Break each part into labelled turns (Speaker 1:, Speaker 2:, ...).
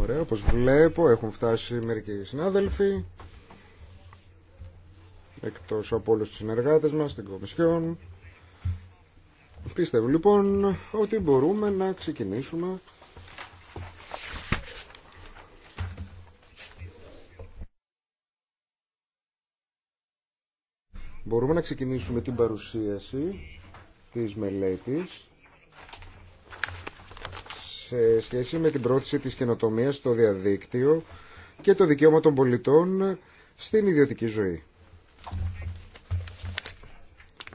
Speaker 1: Ωραία, όπως βλέπω έχουν φτάσει μερικοί συνάδελφοι εκτός από όλους τους συνεργάτες μας στην Κομισιόν. Πιστεύω λοιπόν ότι μπορούμε να ξεκινήσουμε Μπορούμε να ξεκινήσουμε την παρουσίαση της μελέτης σε σχέση με την πρόθεση της καινοτομία στο διαδίκτυο και το δικαίωμα των πολιτών στην ιδιωτική ζωή.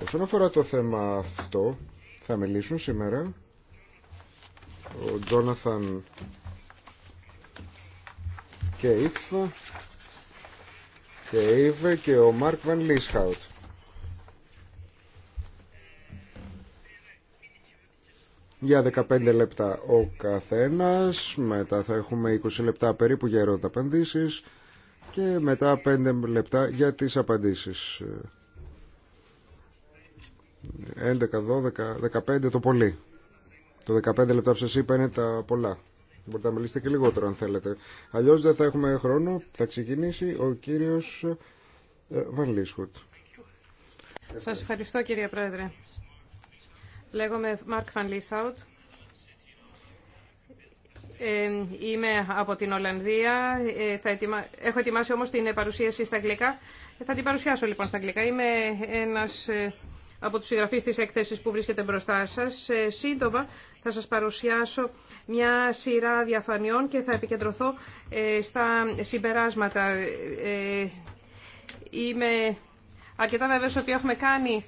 Speaker 1: Όσον αφορά το θέμα αυτό, θα μιλήσουν σήμερα ο Τζόναθαν Κέιφ και ο Μάρκ Βαν Λίσχαουτ. για 15 λεπτά ο καθένας. Μετά θα έχουμε 20 λεπτά περίπου για ερώτα απαντήσεις και μετά 5 λεπτά για τις απαντήσεις. 11, 12, 15 το πολύ. Το 15 λεπτά που σας είπα είναι τα πολλά. Μπορείτε να μιλήσετε και λιγότερο αν θέλετε. Αλλιώς δεν θα έχουμε χρόνο. Θα ξεκινήσει ο κύριος ε,
Speaker 2: Σα Σας ευχαριστώ κύριε Πρόεδρε. Λέγομαι Μάρκ Φαν ε, Είμαι από την Ολλανδία. Ε, θα Έχω ετοιμάσει όμως την παρουσίαση στα αγγλικά. Ε, θα την παρουσιάσω λοιπόν στα αγγλικά. Είμαι ένας από τους συγγραφείς της έκθεσης που βρίσκεται μπροστά σας. Σύντομα θα σας παρουσιάσω μια σειρά διαφανειών και θα επικεντρωθώ στα συμπεράσματα. Είμαι αρκετά βέβαιος ότι έχουμε κάνει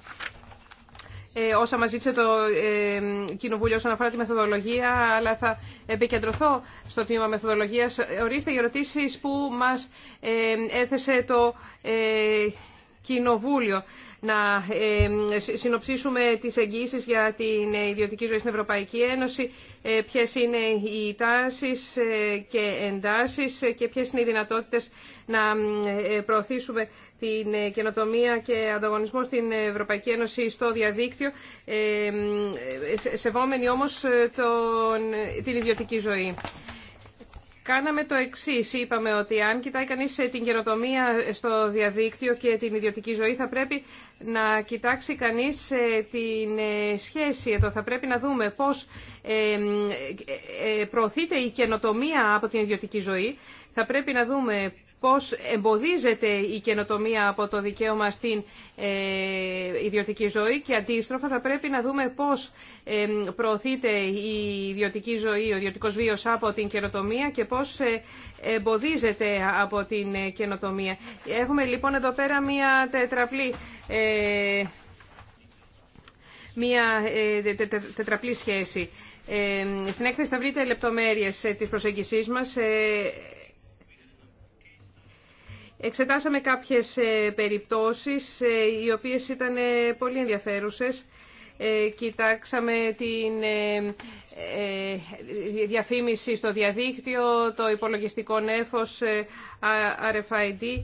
Speaker 2: ε, όσα μας ζήτησε το ε, Κοινοβούλιο όσον αφορά τη μεθοδολογία, αλλά θα επικεντρωθώ στο τμήμα μεθοδολογίας. Ορίστε οι ερωτήσεις που μας ε, έθεσε το Κοινοβούλιο. Να συνοψίσουμε τις εγγύησει για την ιδιωτική ζωή στην Ευρωπαϊκή Ένωση, ποιες είναι οι τάσεις και εντάσεις και ποιες είναι οι δυνατότητες να προωθήσουμε την ε, καινοτομία και ανταγωνισμό στην Ευρωπαϊκή Ένωση στο διαδίκτυο, ε, ε, σεβόμενοι όμως τον, την ιδιωτική ζωή. Κάναμε το εξή. Είπαμε ότι αν κοιτάει κανεί την καινοτομία στο διαδίκτυο και την ιδιωτική ζωή, θα πρέπει να κοιτάξει κανεί την σχέση εδώ. Θα πρέπει να δούμε πώ προωθείται η καινοτομία από την ιδιωτική ζωή. Θα πρέπει να δούμε πώς εμποδίζεται η καινοτομία από το δικαίωμα στην ε, ιδιωτική ζωή και αντίστροφα θα πρέπει να δούμε πώς ε, προωθείται η ιδιωτική ζωή, ο ιδιωτικός βίος από την καινοτομία και πώς ε, εμποδίζεται από την καινοτομία. Έχουμε λοιπόν εδώ πέρα μία τετραπλή μια τετραπλή σχέση. Στην έκθεση θα βρείτε λεπτομέρειες της προσέγγισής μας. Εξετάσαμε κάποιες ε, περιπτώσεις ε, οι οποίες ήταν ε, πολύ ενδιαφέρουσες. Κοιτάξαμε την διαφήμιση στο διαδίκτυο, το υπολογιστικό νέφος RFID,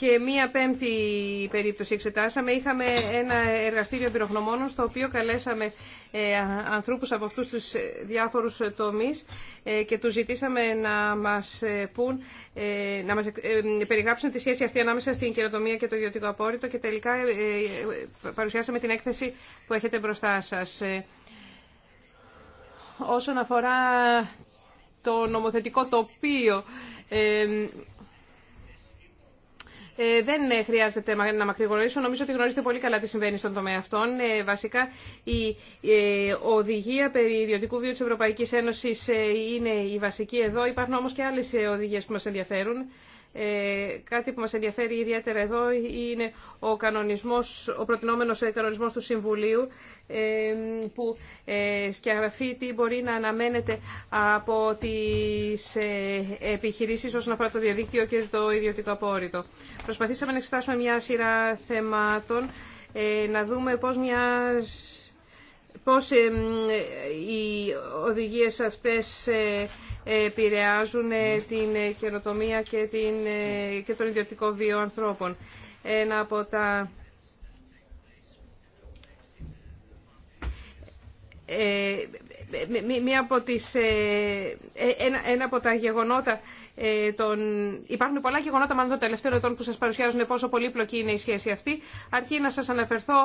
Speaker 2: και μία πέμπτη περίπτωση εξετάσαμε. Είχαμε ένα εργαστήριο πυροχνωμόνων στο οποίο καλέσαμε ε, ανθρώπους από αυτούς τους διάφορους τομείς ε, και τους ζητήσαμε να μας, ε, πούν, να μας περιγράψουν τη σχέση αυτή ανάμεσα στην κερατομία και το ιδιωτικό απόρριτο και τελικά παρουσιάσαμε την έκθεση που έχετε μπροστά σας. Όσον αφορά το νομοθετικό τοπίο, ε, δεν ε, χρειάζεται να μακρηγορήσω. Νομίζω ότι γνωρίζετε πολύ καλά τι συμβαίνει στον τομέα αυτών. Ε, βασικά, η οδηγία περί ιδιωτικού βίου της Ευρωπαϊκής Ένωσης είναι η βασική εδώ. Υπάρχουν όμως και άλλες οδηγίες που μας ενδιαφέρουν. Ε, κάτι που μας ενδιαφέρει ιδιαίτερα εδώ είναι ο, κανονισμός, ο προτινόμενος ε, κανονισμός του Συμβουλίου ε, που σκιαγραφεί τι μπορεί να αναμένεται από τις επιχειρήσεις όσον αφορά το διαδίκτυο και το ιδιωτικό απόρριτο. Προσπαθήσαμε να εξετάσουμε μια σειρά θεμάτων, να δούμε πώς μια πώς οι οδηγίες αυτές επηρεάζουν ε, την ε, καινοτομία και, την, ε, και τον ιδιωτικό βίο ανθρώπων. Ένα από τα μία από τις, ε, ε, ένα, ένα από τα γεγονότα ε, των... Υπάρχουν πολλά γεγονότα μάλλον των τελευταίων ετών που σας παρουσιάζουν πόσο πολύπλοκη είναι η σχέση αυτή. Αρκεί να σας, αναφερθώ,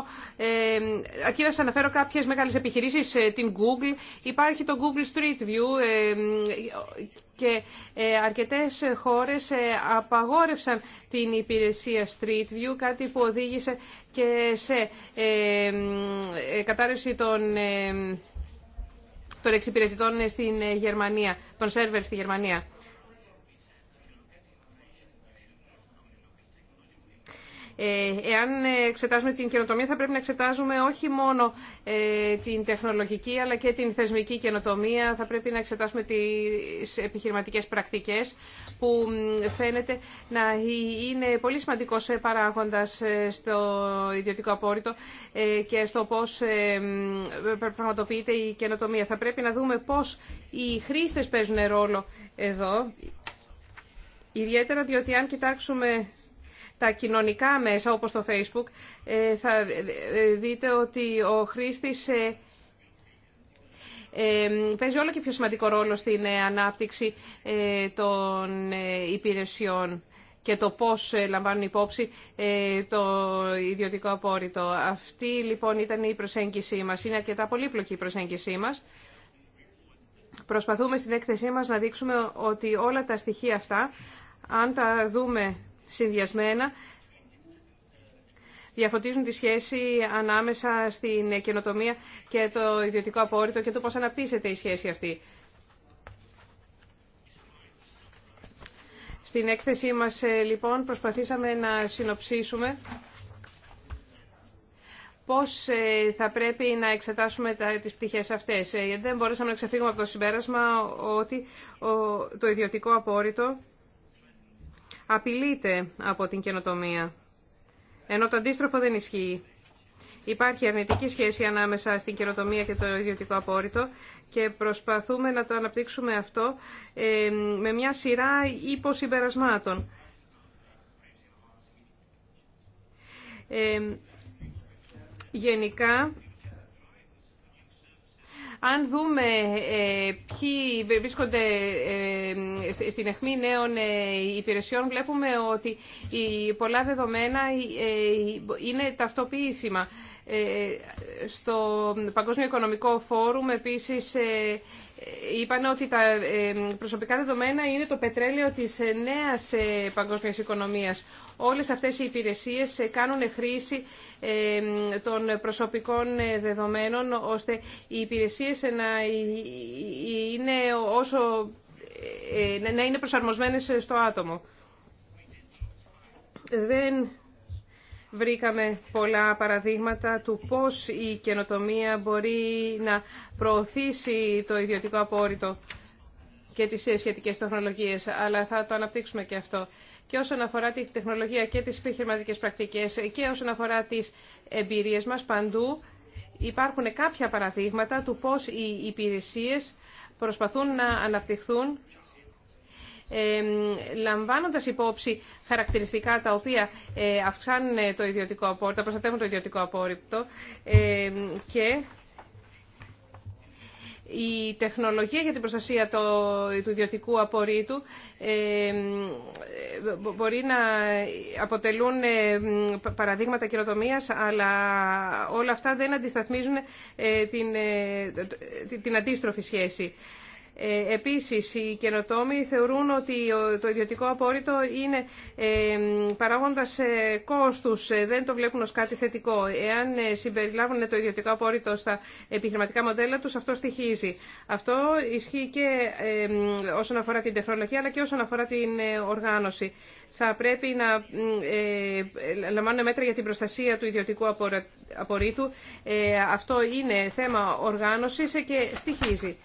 Speaker 2: αρκεί να σας αναφέρω κάποιες μεγάλες επιχειρήσεις, την Google. Υπάρχει το Google Street View και αρκετές χώρες απαγόρευσαν την υπηρεσία Street View, κάτι που οδήγησε και σε κατάρρευση των των εξυπηρετητών στην ε, Γερμανία, των σερβερ στη Γερμανία. Ε, εάν εξετάζουμε την καινοτομία θα πρέπει να εξετάζουμε όχι μόνο ε, την τεχνολογική αλλά και την θεσμική καινοτομία. Θα πρέπει να εξετάσουμε τις επιχειρηματικές πρακτικές που φαίνεται να είναι πολύ σημαντικό ε, παράγοντα στο ιδιωτικό απόρριτο και στο πώς πραγματοποιείται η καινοτομία. Θα πρέπει να δούμε πώς οι χρήστε παίζουν ρόλο εδώ. Ιδιαίτερα διότι αν κοιτάξουμε τα κοινωνικά μέσα όπως το Facebook ε, θα δείτε ότι ο χρήστης ε, ε, παίζει όλο και πιο σημαντικό ρόλο στην ανάπτυξη των υπηρεσιών και το πώς λαμβάνουν υπόψη το ιδιωτικό απόρριτο. Αυτή λοιπόν ήταν η προσέγγιση μας. Είναι αρκετά πολύπλοκη η προσέγγιση μας. Προσπαθούμε στην έκθεσή μας να δείξουμε ότι όλα τα στοιχεία αυτά, αν τα δούμε συνδυασμένα διαφωτίζουν τη σχέση ανάμεσα στην καινοτομία και το ιδιωτικό απόρριτο και το πώς αναπτύσσεται η σχέση αυτή. Στην έκθεσή μας, ε, λοιπόν, προσπαθήσαμε να συνοψίσουμε πώς ε, θα πρέπει να εξετάσουμε τις πτυχές αυτές. Ε, δεν μπορούσαμε να ξεφύγουμε από το συμπέρασμα ότι το ιδιωτικό απόρριτο απειλείται από την καινοτομία. Ενώ το αντίστροφο δεν ισχύει. Υπάρχει αρνητική σχέση ανάμεσα στην καινοτομία και το ιδιωτικό απόρριτο και προσπαθούμε να το αναπτύξουμε αυτό ε, με μια σειρά υποσυμπερασμάτων. Ε, γενικά, αν δούμε ε, ποιοι βρίσκονται ε, στην αιχμή νέων ε, υπηρεσιών, βλέπουμε ότι οι πολλά δεδομένα είναι ταυτοποιήσιμα. Στο Παγκόσμιο Οικονομικό Φόρουμ επίσης είπαν ότι τα ε, προσωπικά δεδομένα είναι το πετρέλαιο της ε, νέας ε, παγκόσμιας οικονομίας. Όλες αυτές οι υπηρεσίες κάνουν χρήση των προσωπικών δεδομένων ώστε οι υπηρεσίες να είναι, όσο, είναι προσαρμοσμένες στο άτομο βρήκαμε πολλά παραδείγματα του πώς η καινοτομία μπορεί να προωθήσει το ιδιωτικό απόρριτο και τις σχετικές τεχνολογίες, αλλά θα το αναπτύξουμε και αυτό. Και όσον αφορά τη τεχνολογία και τις επιχειρηματικέ πρακτικές και όσον αφορά τις εμπειρίες μας παντού, υπάρχουν κάποια παραδείγματα του πώς οι υπηρεσίες προσπαθούν να αναπτυχθούν Λαμβάνοντα υπόψη χαρακτηριστικά τα οποία ε, αυξάνουν το ιδιωτικό απόρριπτο, προστατεύουν το ιδιωτικό ε, και η τεχνολογία για την προστασία του ιδιωτικού απορρίτου μπορεί να αποτελούν παραδείγματα καινοτομίας, αλλά όλα αυτά δεν αντισταθμίζουν ε, ε, την αντίστροφη σχέση. Ε, επίσης, οι καινοτόμοι θεωρούν ότι το ιδιωτικό απόρριτο είναι ε, παράγοντας κόστους, ε, δεν το βλέπουν ως κάτι θετικό. Εάν συμπεριλάβουν το ιδιωτικό απόρριτο στα επιχειρηματικά μοντέλα τους, αυτό στοιχίζει. Αυτό ισχύει και όσον αφορά την τεχνολογία, αλλά και όσον αφορά την οργάνωση. Θα πρέπει να λαμβάνουν μέτρα για την προστασία του ιδιωτικού απορρίτου. Αυτό είναι θέμα οργάνωσης και στοιχίζει.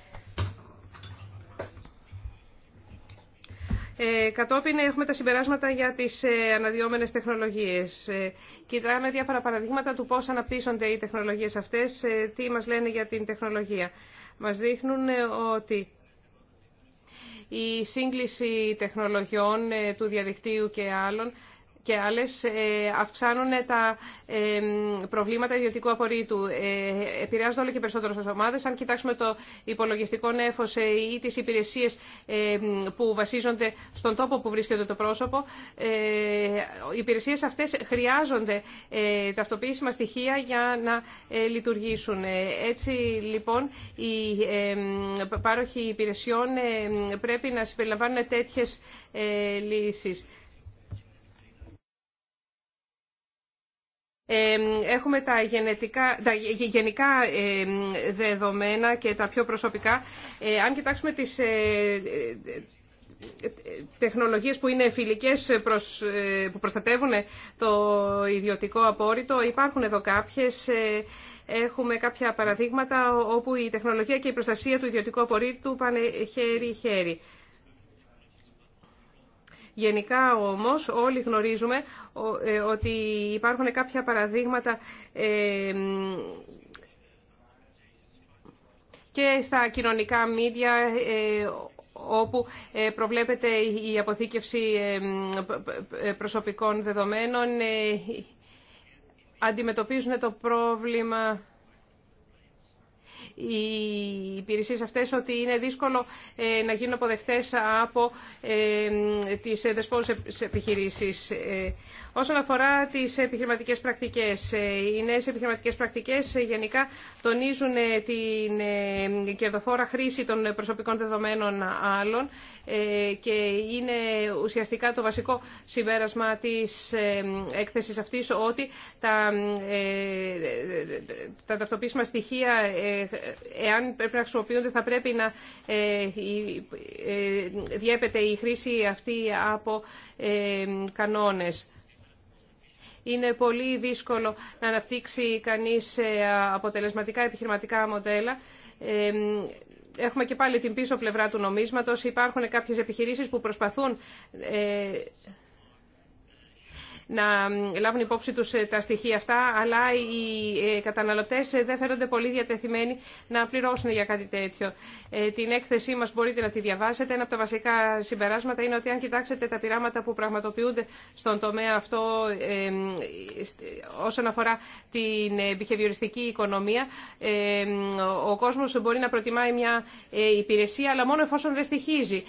Speaker 2: Ε, κατόπιν έχουμε τα συμπεράσματα για τις ε, αναδυόμενες τεχνολογίες. Ε, κοιτάμε διάφορα παραδείγματα του πώς αναπτύσσονται οι τεχνολογίες αυτές, τι μας λένε για την τεχνολογία. Μας δείχνουν ότι η σύγκληση τεχνολογιών του διαδικτύου και άλλων και άλλες ε, αυξάνουν τα ε, προβλήματα ιδιωτικού απορρίτου. Ε, επηρεάζονται όλο και περισσότερο στις ομάδες. Αν κοιτάξουμε το υπολογιστικό νέφος ή τις υπηρεσίες που βασίζονται στον τόπο που βρίσκεται το πρόσωπο, οι υπηρεσίες αυτές χρειάζονται ταυτοποιήσιμα στοιχεία για να λειτουργήσουν. Έτσι, λοιπόν, οι πάροχοι υπηρεσιών πρέπει να συμπεριλαμβάνουν τέτοιες λύσεις. έχουμε τα, γενετικά, τα γενικά δεδομένα και τα πιο προσωπικά. Ε, αν κοιτάξουμε τις ε, τεχνολογίες που είναι φιλικές ε, προς, που προστατεύουν το ιδιωτικό απόρριτο. Υπάρχουν εδώ κάποιες. Έχουμε κάποια παραδείγματα όπου η τεχνολογία και η προστασία του ιδιωτικού απορρίτου πάνε χέρι-χέρι. Γενικά όμως όλοι γνωρίζουμε ε, ότι υπάρχουν κάποια παραδείγματα ε, και στα κοινωνικά μίδια ε, όπου προβλέπεται η αποθήκευση προσωπικών δεδομένων αντιμετωπίζουν το πρόβλημα οι υπηρεσίε αυτέ ότι είναι δύσκολο ε, να γίνουν αποδεκτέ από ε, τις επιχειρήσει. επιχειρήσεις. Ε, Όσον αφορά τις επιχειρηματικέ πρακτικές, ε, οι νέε επιχειρηματικέ πρακτικές ε, γενικά τονίζουν ε, την κερδοφόρα χρήση των προσωπικών δεδομένων άλλων και είναι ουσιαστικά το βασικό συμπέρασμα της έκθεσης αυτής ότι τα, τα στοιχεία, εάν πρέπει να χρησιμοποιούνται, θα πρέπει να διέπεται η χρήση αυτή από κανόνες. Είναι πολύ δύσκολο να αναπτύξει κανείς ε, αποτελεσματικά επιχειρηματικά μοντέλα. Ε, έχουμε και πάλι την πίσω πλευρά του νομίσματος. Υπάρχουν κάποιες επιχειρήσεις που προσπαθούν ε, να λάβουν υπόψη τους ε, τα στοιχεία αυτά, αλλά οι ε, καταναλωτές ε, δεν φέρονται πολύ διατεθειμένοι να πληρώσουν για κάτι τέτοιο. Την έκθεσή μας μπορείτε να τη διαβάσετε. Ένα από τα βασικά συμπεράσματα είναι ότι αν κοιτάξετε τα πειράματα που πραγματοποιούνται στον τομέα αυτό όσον αφορά την επιχειριστική οικονομία, ο κόσμος μπορεί να προτιμάει μια υπηρεσία, αλλά μόνο εφόσον δεν στοιχίζει.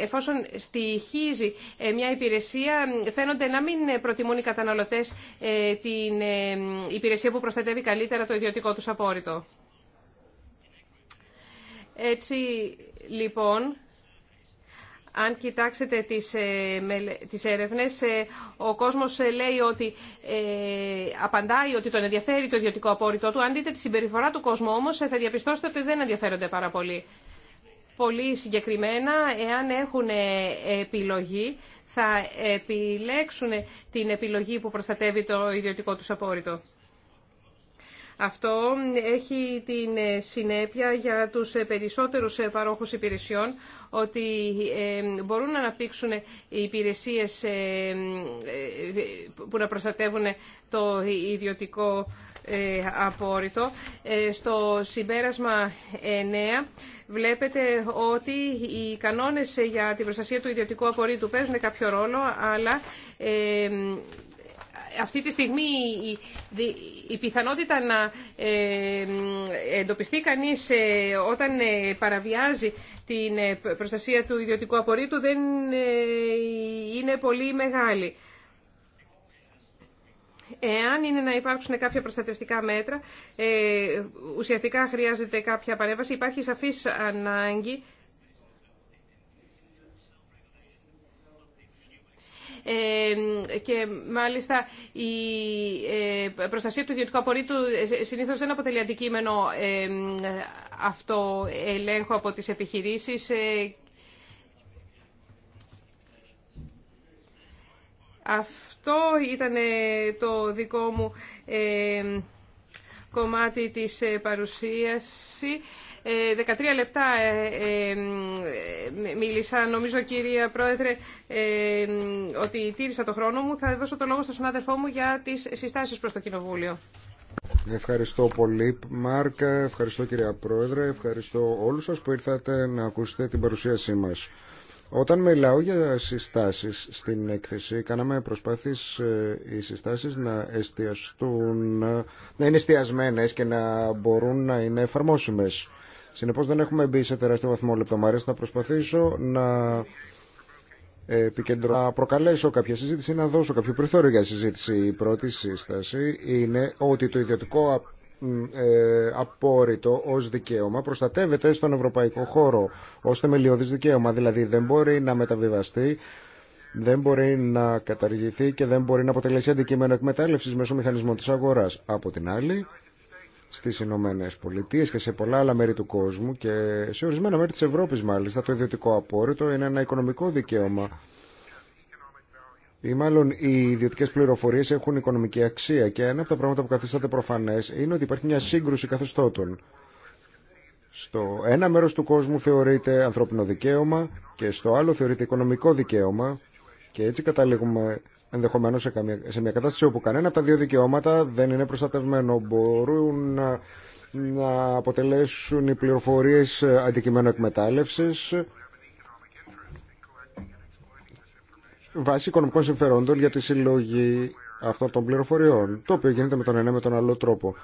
Speaker 2: Εφόσον στοιχίζει μια υπηρεσία, φαίνονται να μην προτιμάει προτιμούν οι καταναλωτές ε, την ε, υπηρεσία που προστατεύει καλύτερα το ιδιωτικό του απόρριτο. Έτσι, λοιπόν, αν κοιτάξετε τις, ε, τις έρευνες, ο κόσμος λέει ότι απαντάει ότι τον ενδιαφέρει το ιδιωτικό απόρριτο του. Αν δείτε τη συμπεριφορά του κόσμου όμως, θα διαπιστώσετε ότι δεν ενδιαφέρονται πάρα πολύ πολύ συγκεκριμένα, εάν έχουν επιλογή, θα επιλέξουν την επιλογή που προστατεύει το ιδιωτικό τους απόρριτο. Αυτό έχει την συνέπεια για τους περισσότερους παρόχους υπηρεσιών ότι ε, μπορούν να αναπτύξουν υπηρεσίες ε, ε, που να προστατεύουν το ιδιωτικό απόρριτο. Στο συμπέρασμα 9 βλέπετε ότι οι κανόνες για την προστασία του ιδιωτικού απορρίτου παίζουν κάποιο ρόλο, αλλά ε, αυτή τη στιγμή η, πιθανότητα να ε, εντοπιστεί κανείς ε, όταν ε, παραβιάζει την ε, προστασία του ιδιωτικού απορρίτου δεν είναι πολύ μεγάλη. Εάν είναι να υπάρξουν κάποια προστατευτικά μέτρα, ε, ουσιαστικά χρειάζεται κάποια παρέμβαση. Υπάρχει σαφής ανάγκη ε, και μάλιστα η ε, προστασία του ιδιωτικού απορρίτου συνήθως δεν αποτελεί αντικείμενο αυτό ελέγχου από τις επιχειρήσεις Αυτό ήταν ε, το δικό μου ε, κομμάτι της ε, παρουσίαση. 13 λεπτά μίλησα. Νομίζω, κυρία Πρόεδρε, ότι τήρησα το χρόνο μου. Θα δώσω το λόγο στον συνάδελφό μου για τις συστάσεις προς το Κοινοβούλιο.
Speaker 1: Ευχαριστώ πολύ Μάρκα, ευχαριστώ κυρία Πρόεδρε, ευχαριστώ όλους σας που ήρθατε να ακούσετε την παρουσίασή μας. Όταν μιλάω για συστάσεις στην έκθεση, κάναμε προσπάθειες ε, οι συστάσεις να εστιαστούν, να είναι εστιασμένες και να μπορούν να είναι εφαρμόσιμες. Συνεπώς δεν έχουμε μπει σε τεράστιο βαθμό λεπτομάρειες. Θα προσπαθήσω να ε, επικεντρω... να προκαλέσω κάποια συζήτηση, να δώσω κάποιο περιθώριο για συζήτηση. Η πρώτη σύσταση είναι ότι το ιδιωτικό ε, απόρριτο ω δικαίωμα προστατεύεται στον ευρωπαϊκό χώρο ω θεμελιώδη δικαίωμα. Δηλαδή δεν μπορεί να μεταβιβαστεί, δεν μπορεί να καταργηθεί και δεν μπορεί να αποτελέσει αντικείμενο εκμετάλλευση μέσω μηχανισμών τη αγορά. Από την άλλη, στι Ηνωμένε Πολιτείε και σε πολλά άλλα μέρη του κόσμου και σε ορισμένα μέρη τη Ευρώπη, μάλιστα, το ιδιωτικό απόρριτο είναι ένα οικονομικό δικαίωμα ή μάλλον οι ιδιωτικέ πληροφορίε έχουν οικονομική αξία. Και ένα από τα πράγματα που καθίσταται προφανέ είναι ότι υπάρχει μια σύγκρουση καθεστώτων. Στο ένα μέρο του κόσμου θεωρείται ανθρώπινο δικαίωμα και στο άλλο θεωρείται οικονομικό δικαίωμα. Και έτσι καταλήγουμε ενδεχομένω σε, μια κατάσταση όπου κανένα από τα δύο δικαιώματα δεν είναι προστατευμένο. Μπορούν να, να αποτελέσουν οι πληροφορίε αντικείμενο εκμετάλλευση βάσει οικονομικών συμφερόντων για τη συλλογή αυτών των πληροφοριών, το οποίο γίνεται με τον ένα με τον άλλο τρόπο.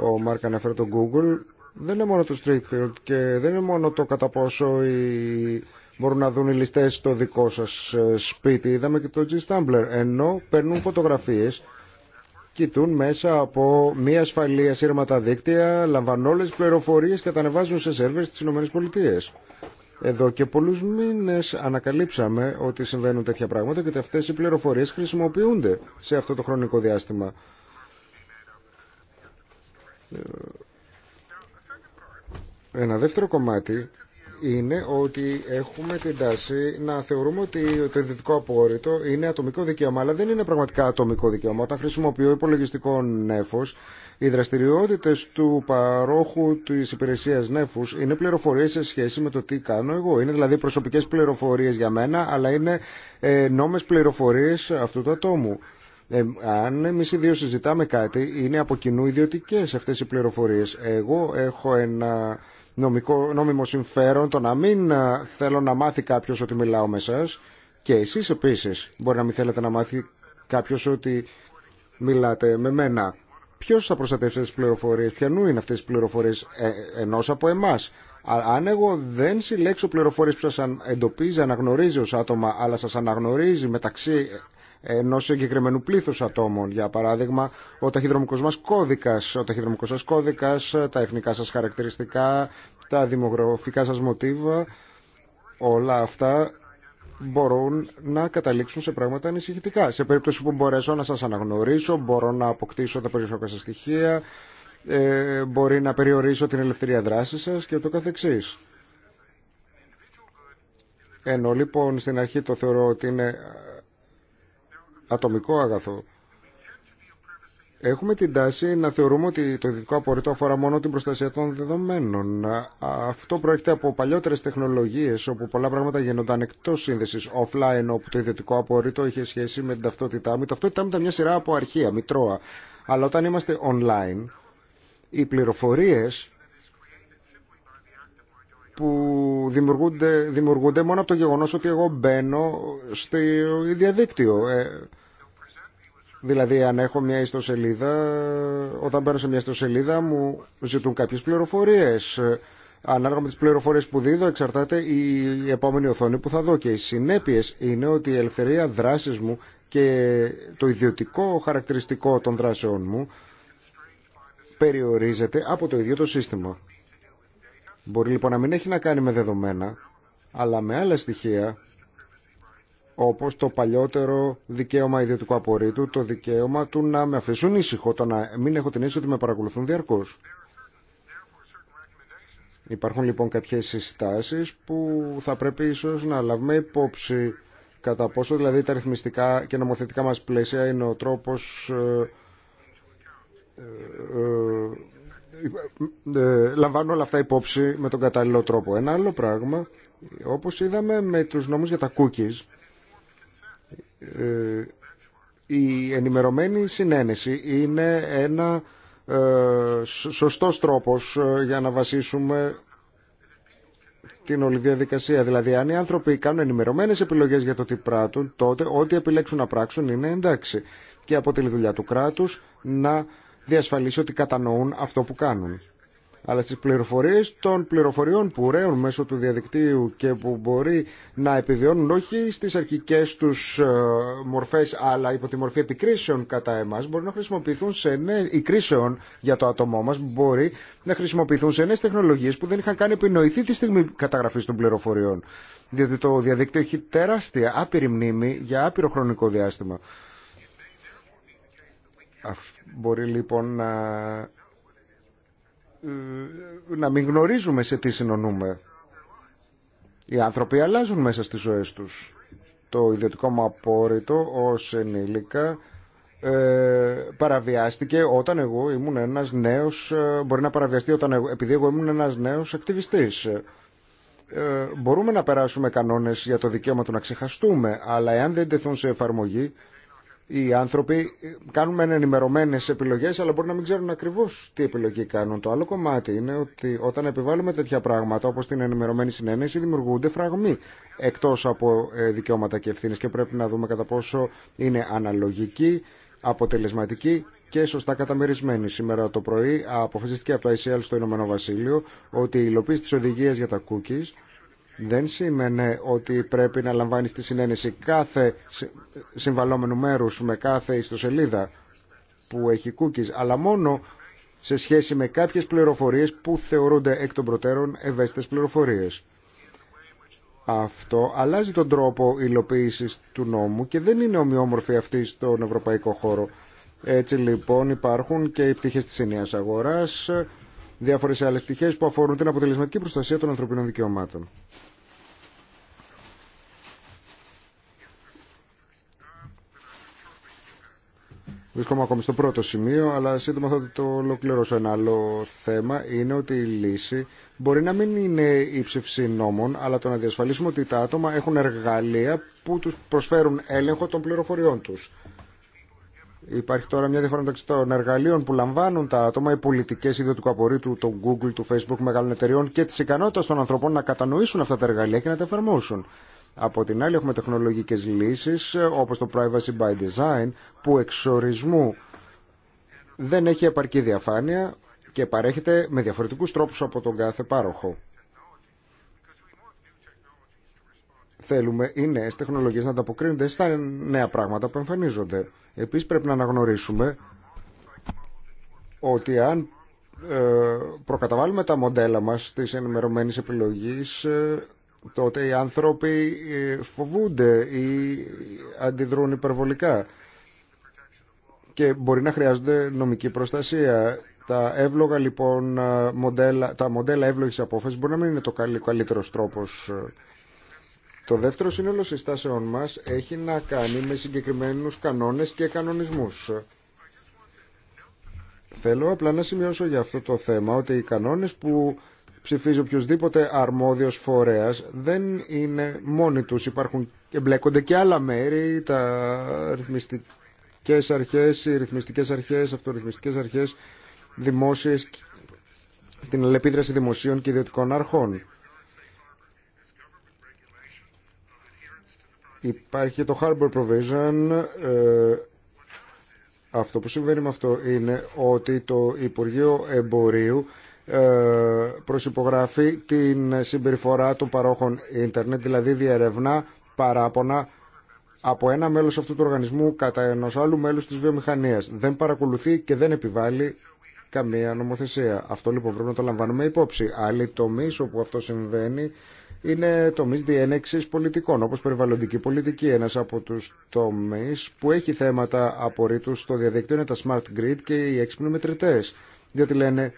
Speaker 1: Ο Μάρκ αναφέρει τον Google, δεν είναι μόνο το Streetfield και δεν είναι μόνο το κατά πόσο οι... μπορούν να δουν οι ληστές στο δικό σας ε, σπίτι, είδαμε και το G-Stumbler, ενώ παίρνουν φωτογραφίες κοιτούν μέσα από μία ασφαλή ασύρματα δίκτυα, λαμβάνουν όλε τι πληροφορίε και τα ανεβάζουν σε σερβέρ στι ΗΠΑ. Εδώ και πολλούς μήνες ανακαλύψαμε ότι συμβαίνουν τέτοια πράγματα και ότι αυτές οι πληροφορίες χρησιμοποιούνται σε αυτό το χρονικό διάστημα. Ε, ένα δεύτερο κομμάτι είναι ότι έχουμε την τάση να θεωρούμε ότι το ιδιωτικό απόρριτο είναι ατομικό δικαίωμα, αλλά δεν είναι πραγματικά ατομικό δικαίωμα. Όταν χρησιμοποιώ υπολογιστικό νεφο, οι δραστηριότητε του παρόχου τη υπηρεσία νεφου είναι πληροφορίε σε σχέση με το τι κάνω εγώ. Είναι δηλαδή προσωπικέ πληροφορίε για μένα, αλλά είναι ε, νόμε πληροφορίε αυτού του ατόμου. Ε, αν εμεί οι δύο συζητάμε κάτι, είναι από κοινού ιδιωτικέ αυτέ οι πληροφορίε. Εγώ έχω ένα νομικό, νόμιμο συμφέρον το να μην ε, θέλω να μάθει κάποιο ότι μιλάω με εσά και εσεί επίση μπορεί να μην θέλετε να μάθει κάποιο ότι μιλάτε με μένα. Ποιο θα προστατεύσει τι πληροφορίε, ποιανού είναι αυτέ τι πληροφορίε ε, ενό από εμά. Αν εγώ δεν συλλέξω πληροφορίε που σα εντοπίζει, αναγνωρίζει ω άτομα, αλλά σα αναγνωρίζει μεταξύ ενό συγκεκριμένου πλήθου ατόμων. Για παράδειγμα, ο ταχυδρομικό μα ο ταχυδρομικός σα κώδικα, τα εθνικά σα χαρακτηριστικά, τα δημογραφικά σα μοτίβα, όλα αυτά μπορούν να καταλήξουν σε πράγματα ανησυχητικά. Σε περίπτωση που μπορέσω να σας αναγνωρίσω, μπορώ να αποκτήσω τα περισσότερα σας στοιχεία, ε, μπορεί να περιορίσω την ελευθερία δράση σας και ούτω καθεξής. Ενώ λοιπόν στην αρχή το θεωρώ ότι είναι ατομικό αγαθό. Έχουμε την τάση να θεωρούμε ότι το δυτικό απορρίτο αφορά μόνο την προστασία των δεδομένων. Αυτό προέρχεται από παλιότερε τεχνολογίε όπου πολλά πράγματα γίνονταν εκτό σύνδεση offline, όπου το ιδιωτικό απορρίτο είχε σχέση με την ταυτότητά μου. Η ταυτότητά μου ήταν μια σειρά από αρχεία, μητρώα. Αλλά όταν είμαστε online, οι πληροφορίε που δημιουργούνται, μόνο από το γεγονός ότι εγώ μπαίνω στο διαδίκτυο. Ε, δηλαδή αν έχω μια ιστοσελίδα, όταν μπαίνω σε μια ιστοσελίδα μου ζητούν κάποιες πληροφορίες. Ανάλογα με τις πληροφορίες που δίδω εξαρτάται η επόμενη οθόνη που θα δω και οι συνέπειες είναι ότι η ελευθερία δράσης μου και το ιδιωτικό χαρακτηριστικό των δράσεών μου περιορίζεται από το ίδιο το σύστημα. Μπορεί λοιπόν να μην έχει να κάνει με δεδομένα, αλλά με άλλα στοιχεία, όπως το παλιότερο δικαίωμα ιδιωτικού απορρίτου, το δικαίωμα του να με αφήσουν ήσυχο, το να μην έχω την αίσθηση ότι με παρακολουθούν διαρκώς. Υπάρχουν λοιπόν κάποιες συστάσεις που θα πρέπει ίσως να λάβουμε υπόψη κατά πόσο δηλαδή τα αριθμιστικά και νομοθετικά μας πλαίσια είναι ο τρόπος ε, ε, ε, ε, λαμβάνω όλα αυτά υπόψη με τον κατάλληλο τρόπο. Ένα άλλο πράγμα, όπως είδαμε με τους νόμους για τα cookies, ε, η ενημερωμένη συνένεση είναι ένα ε, σωστός τρόπος για να βασίσουμε την όλη διαδικασία. Δηλαδή, αν οι άνθρωποι κάνουν ενημερωμένε επιλογέ για το τι πράττουν, τότε ό,τι επιλέξουν να πράξουν είναι εντάξει. Και από τη δουλειά του κράτου να διασφαλίσει ότι κατανοούν αυτό που κάνουν. Αλλά στις πληροφορίες των πληροφοριών που ρέουν μέσω του διαδικτύου και που μπορεί να επιβιώνουν όχι στις αρχικές τους ε, μορφές αλλά υπό τη μορφή επικρίσεων κατά εμάς μπορεί να χρησιμοποιηθούν σε νέες, οι κρίσεων για το άτομό μας μπορεί να χρησιμοποιηθούν σε νέες τεχνολογίες που δεν είχαν καν επινοηθεί τη στιγμή καταγραφής των πληροφοριών. Διότι το διαδίκτυο έχει τεράστια άπειρη μνήμη για άπειρο χρονικό διάστημα. Μπορεί λοιπόν να, ε, να μην γνωρίζουμε σε τι συνονούμε. Οι άνθρωποι αλλάζουν μέσα στις ζωές τους. Το ιδιωτικό μου απόρριτο ως ενήλικα ε, παραβιάστηκε όταν εγώ ήμουν ένας νέος, ε, μπορεί να παραβιαστεί όταν εγώ, επειδή εγώ ήμουν ένας νέος ακτιβιστής. Ε, μπορούμε να περάσουμε κανόνες για το δικαίωμα του να ξεχαστούμε, αλλά εάν δεν τεθούν σε εφαρμογή οι άνθρωποι ε, κάνουν ενημερωμένε επιλογέ, αλλά μπορεί να μην ξέρουν ακριβώ τι επιλογή κάνουν. Το άλλο κομμάτι είναι ότι όταν επιβάλλουμε τέτοια πράγματα όπω την ενημερωμένη συνένεση δημιουργούνται φραγμοί εκτό από ε, δικαιώματα και ευθύνε. και πρέπει να δούμε κατά πόσο είναι αναλογική, αποτελεσματική και σωστά καταμερισμένη. Σήμερα το πρωί αποφασίστηκε από το ICL στο Ηνωμένο Βασίλειο ότι η υλοποίηση τη οδηγία για τα cookies δεν σημαίνει ότι πρέπει να λαμβάνεις τη συνένεση κάθε συμβαλόμενου μέρους με κάθε ιστοσελίδα που έχει cookies, αλλά μόνο σε σχέση με κάποιες πληροφορίες που θεωρούνται εκ των προτέρων ευαίσθητες πληροφορίες. Αυτό αλλάζει τον τρόπο υλοποίησης του νόμου και δεν είναι ομοιόμορφη αυτή στον ευρωπαϊκό χώρο. Έτσι λοιπόν υπάρχουν και οι πτυχές της ενιαίας αγοράς, διάφορες άλλες πτυχές που αφορούν την αποτελεσματική προστασία των ανθρωπίνων δικαιωμάτων. Βρισκόμαι ακόμη στο πρώτο σημείο, αλλά σύντομα θα το ολοκληρώσω. Ένα άλλο θέμα είναι ότι η λύση μπορεί να μην είναι η ψήφιση νόμων, αλλά το να διασφαλίσουμε ότι τα άτομα έχουν εργαλεία που του προσφέρουν έλεγχο των πληροφοριών του. Υπάρχει τώρα μια διαφορά μεταξύ των εργαλείων που λαμβάνουν τα άτομα, οι πολιτικέ ιδιωτικού απορρίτου, των Google, του Facebook, μεγάλων εταιριών και τη ικανότητα των ανθρώπων να κατανοήσουν αυτά τα εργαλεία και να τα εφαρμόσουν. Από την άλλη έχουμε τεχνολογικές λύσεις όπως το Privacy by Design που εξορισμού δεν έχει επαρκή διαφάνεια και παρέχεται με διαφορετικούς τρόπους από τον κάθε πάροχο. Θέλουμε οι νέες τεχνολογίες να ανταποκρίνονται στα νέα πράγματα που εμφανίζονται. Επίσης πρέπει να αναγνωρίσουμε ότι αν ε, προκαταβάλουμε τα μοντέλα μας της ενημερωμένης επιλογής ε, τότε οι άνθρωποι ε, φοβούνται ή αντιδρούν υπερβολικά και μπορεί να χρειάζονται νομική προστασία. Τα εύλογα λοιπόν ε, μοντέλα, τα μοντέλα εύλογης απόφασης μπορεί να μην είναι το καλύτερος τρόπος. Το δεύτερο σύνολο συστάσεων μας έχει να κάνει με συγκεκριμένους κανόνες και κανονισμούς. Θέλω απλά να σημειώσω για αυτό το θέμα ότι οι κανόνες που ψηφίζει οποιοδήποτε αρμόδιος φορέας δεν είναι μόνοι τους. Υπάρχουν, εμπλέκονται και άλλα μέρη, τα ρυθμιστικές αρχές, οι ρυθμιστικές αρχές, αυτορυθμιστικές αρχές, δημόσιες, την αλληλεπίδραση δημοσίων και ιδιωτικών αρχών. Υπάρχει το Harbor Provision. Ε, αυτό που συμβαίνει με αυτό είναι ότι το Υπουργείο Εμπορίου ε, προσυπογράφει την συμπεριφορά των παρόχων ίντερνετ, δηλαδή διερευνά παράπονα από ένα μέλος αυτού του οργανισμού κατά ενός άλλου μέλους της βιομηχανίας. Δεν παρακολουθεί και δεν επιβάλλει καμία νομοθεσία. Αυτό λοιπόν πρέπει να το λαμβάνουμε υπόψη. Άλλοι τομεί όπου αυτό συμβαίνει είναι τομεί διένεξη πολιτικών, όπως περιβαλλοντική πολιτική. Ένας από τους τομεί που έχει θέματα απορρίτου στο διαδίκτυο είναι τα smart grid και οι έξυπνοι μετρητέ. Διότι λένε,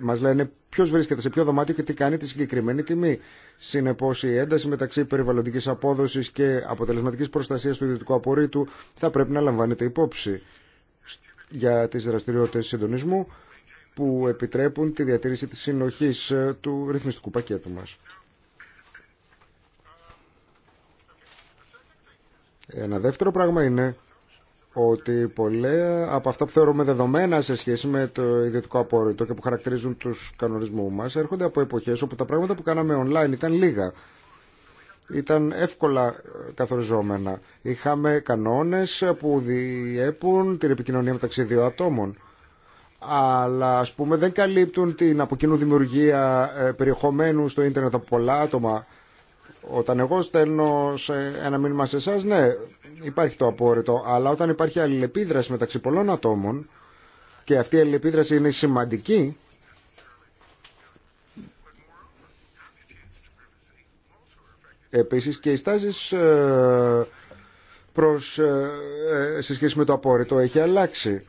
Speaker 1: μας λένε ποιο βρίσκεται σε ποιο δωμάτιο και τι κάνει τη συγκεκριμένη τιμή. Συνεπώ, η ένταση μεταξύ περιβαλλοντική απόδοση και αποτελεσματική προστασία του ιδιωτικού απορρίτου θα πρέπει να λαμβάνεται υπόψη για τι δραστηριότητε συντονισμού που επιτρέπουν τη διατήρηση της συνοχής ε, του ρυθμιστικού πακέτου μας. Ένα δεύτερο πράγμα είναι ότι πολλά από αυτά που θεωρούμε δεδομένα σε σχέση με το ιδιωτικό απόρριτο και που χαρακτηρίζουν τους κανονισμούς μας έρχονται από εποχές όπου τα πράγματα που κάναμε online ήταν λίγα. Ήταν εύκολα ε, καθοριζόμενα. Είχαμε κανόνες που διέπουν την επικοινωνία μεταξύ δύο ατόμων. Αλλά ας πούμε δεν καλύπτουν την από δημιουργία ε, περιεχομένου στο ίντερνετ από πολλά άτομα όταν εγώ στέλνω ένα μήνυμα σε εσά, ναι, υπάρχει το απόρριτο, αλλά όταν υπάρχει αλληλεπίδραση μεταξύ πολλών ατόμων και αυτή η αλληλεπίδραση είναι σημαντική, επίσης και οι στάσεις ε, προς, ε, σε σχέση με το απόρριτο έχει αλλάξει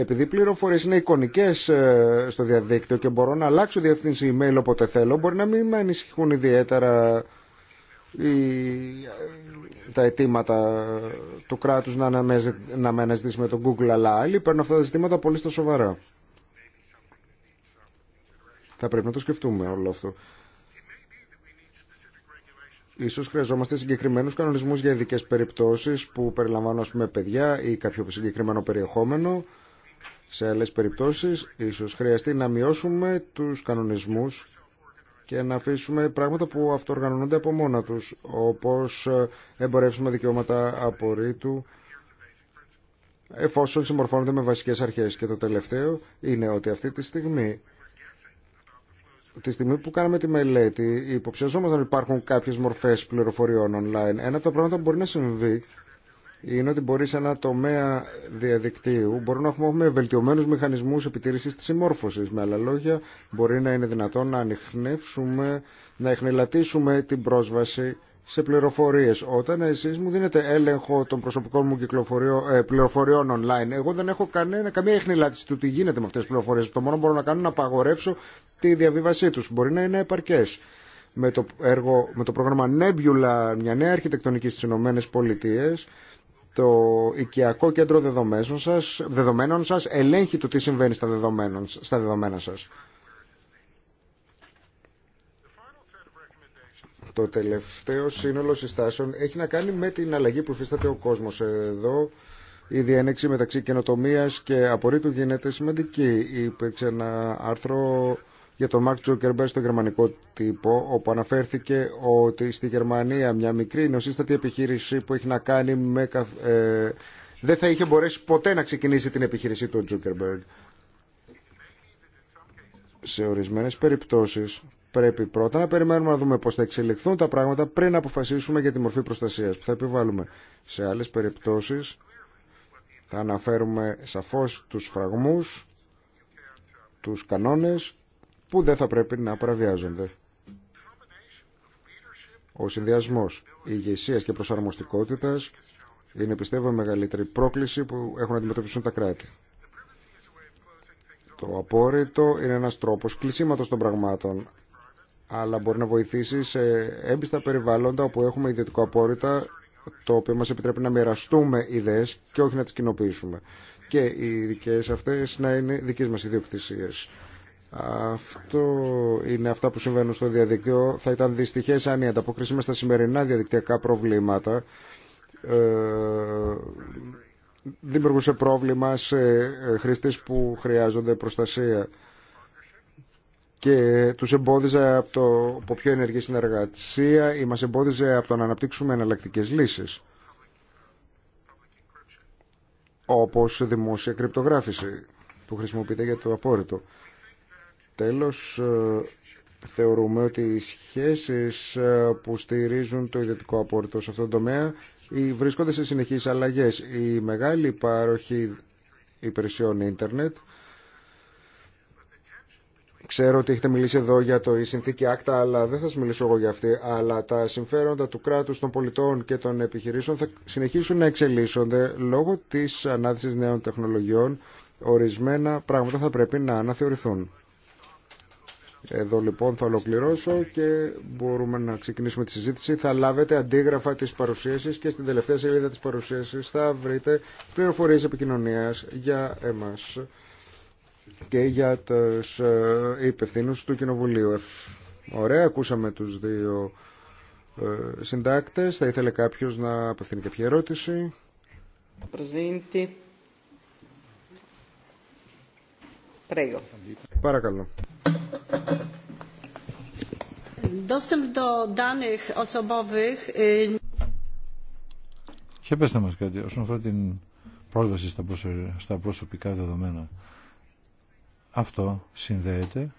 Speaker 1: επειδή οι πληροφορίε είναι εικονικέ ε, στο διαδίκτυο και μπορώ να αλλάξω διευθύνση email όποτε θέλω, μπορεί να μην με ανησυχούν ιδιαίτερα τα αιτήματα του κράτου να, να με αναζητήσει με τον Google αλλά άλλοι παίρνουν αυτά τα ζητήματα πολύ στα σοβαρά θα πρέπει να το σκεφτούμε όλο αυτό Ίσως χρειαζόμαστε συγκεκριμένους κανονισμούς για ειδικές περιπτώσεις που περιλαμβάνουν παιδιά ή κάποιο συγκεκριμένο περιεχόμενο σε άλλες περιπτώσεις ίσως χρειαστεί να μειώσουμε τους κανονισμούς και να αφήσουμε πράγματα που αυτοοργανώνονται από μόνα τους, όπως εμπορεύσουμε δικαιώματα απορρίτου, εφόσον συμμορφώνονται με βασικές αρχές. Και το τελευταίο είναι ότι αυτή τη στιγμή, τη στιγμή που κάναμε τη μελέτη, υποψιάζόμαστε ότι υπάρχουν κάποιες μορφές πληροφοριών online. Ένα από τα πράγματα που μπορεί να συμβεί είναι ότι μπορεί σε ένα τομέα διαδικτύου μπορεί να έχουμε βελτιωμένου μηχανισμού επιτήρηση τη συμμόρφωση. Με άλλα λόγια, μπορεί να είναι δυνατόν να ανοιχνεύσουμε, να εχνηλατήσουμε την πρόσβαση σε πληροφορίε. Όταν εσεί μου δίνετε έλεγχο των προσωπικών μου ε, πληροφοριών online, εγώ δεν έχω κανένα, καμία εχνηλάτηση του τι γίνεται με αυτέ τι πληροφορίε. Το μόνο που μπορώ να κάνω είναι να απαγορεύσω τη διαβίβασή του. Μπορεί να είναι επαρκέ με το, έργο, με το πρόγραμμα Nebula, μια νέα αρχιτεκτονική στι Ηνωμένε το οικιακό κέντρο δεδομένων σας, δεδομένων σας ελέγχει το τι συμβαίνει στα, στα δεδομένα σας. Το τελευταίο σύνολο συστάσεων έχει να κάνει με την αλλαγή που υφίσταται ο κόσμος εδώ. Η διένεξη μεταξύ καινοτομίας και απορρίτου γίνεται σημαντική. Υπήρξε ένα άρθρο για τον Μάρκ Τζούκερμπερ στο γερμανικό τύπο, όπου αναφέρθηκε ότι στη Γερμανία μια μικρή νοσίστατη επιχείρηση που έχει να κάνει με. Ε, δεν θα είχε μπορέσει ποτέ να ξεκινήσει την επιχείρησή του Τζούκερμπερ. Σε ορισμένε περιπτώσει πρέπει πρώτα να περιμένουμε να δούμε πώ θα εξελιχθούν τα πράγματα πριν να αποφασίσουμε για τη μορφή προστασία που θα επιβάλλουμε. Σε άλλε περιπτώσει θα αναφέρουμε σαφώ του φραγμού, τους κανόνες που δεν θα πρέπει να παραβιάζονται. Ο συνδυασμό ηγεσία και προσαρμοστικότητας είναι πιστεύω η μεγαλύτερη πρόκληση που έχουν να αντιμετωπίσουν τα κράτη. Το απόρριτο είναι ένας τρόπος κλεισίματος των πραγμάτων αλλά μπορεί να βοηθήσει σε έμπιστα περιβάλλοντα όπου έχουμε ιδιωτικό απόρριτα το οποίο μας επιτρέπει να μοιραστούμε ιδέες και όχι να τις κοινοποιήσουμε. Και οι ειδικέ αυτές να είναι δικές μας ιδιοκτησίες. Αυτό είναι αυτά που συμβαίνουν στο διαδικτύο. Θα ήταν δυστυχές αν η ανταπόκριση μα στα σημερινά διαδικτυακά προβλήματα ε, δημιουργούσε πρόβλημα σε ε, χρήστες που χρειάζονται προστασία και τους εμπόδιζε από, το, από πιο ενεργή συνεργασία ή μας εμπόδιζε από το να αναπτύξουμε εναλλακτικέ λύσεις όπως δημόσια κρυπτογράφηση που χρησιμοποιείται για το απόρριτο. Τέλος, ε, θεωρούμε ότι οι σχέσεις ε, που στηρίζουν το ιδιωτικό απόρριτο σε αυτό τον τομέα βρίσκονται σε συνεχείς αλλαγές. Η μεγάλη παροχή υπηρεσιών ίντερνετ Ξέρω ότι έχετε μιλήσει εδώ για το η συνθήκη άκτα, αλλά δεν θα σας μιλήσω εγώ για αυτή. Αλλά τα συμφέροντα του κράτους, των πολιτών και των επιχειρήσεων θα συνεχίσουν να εξελίσσονται λόγω της ανάδυσης νέων τεχνολογιών. Ορισμένα πράγματα θα πρέπει να αναθεωρηθούν. Εδώ λοιπόν θα ολοκληρώσω και μπορούμε να ξεκινήσουμε τη συζήτηση. Θα λάβετε αντίγραφα της παρουσίασης και στην τελευταία σελίδα της παρουσίασης θα βρείτε πληροφορίες επικοινωνίας για εμάς και για τους ε, υπευθύνους του Κοινοβουλίου. Ε, ωραία, ακούσαμε τους δύο ε, συντάκτες. Θα ήθελε κάποιος να απευθύνει κάποια ερώτηση. Παρακαλώ.
Speaker 2: Dostęp do danych osobowych...
Speaker 3: Και πέστε μα κάτι όσον αφορά την πρόσβαση στα προσωπικά δεδομένα. Αυτό συνδέεται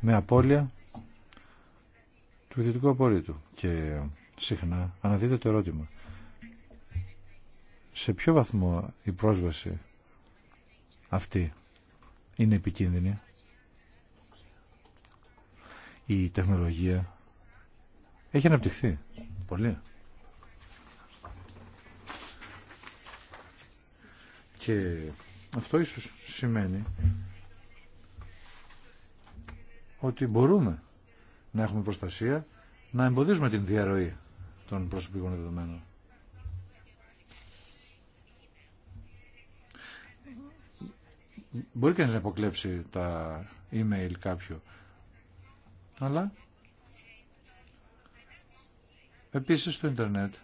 Speaker 3: με απώλεια του ιδιωτικού απορρίτου. Και συχνά αναδείτε το ερώτημα. Σε ποιο βαθμό η πρόσβαση αυτή είναι επικίνδυνη η τεχνολογία έχει αναπτυχθεί πολύ. Και αυτό ίσως σημαίνει ότι μπορούμε να έχουμε προστασία, να εμποδίζουμε την διαρροή των προσωπικών δεδομένων. Μπορεί και να αποκλέψει τα email κάποιου αλλά επίσης στο ίντερνετ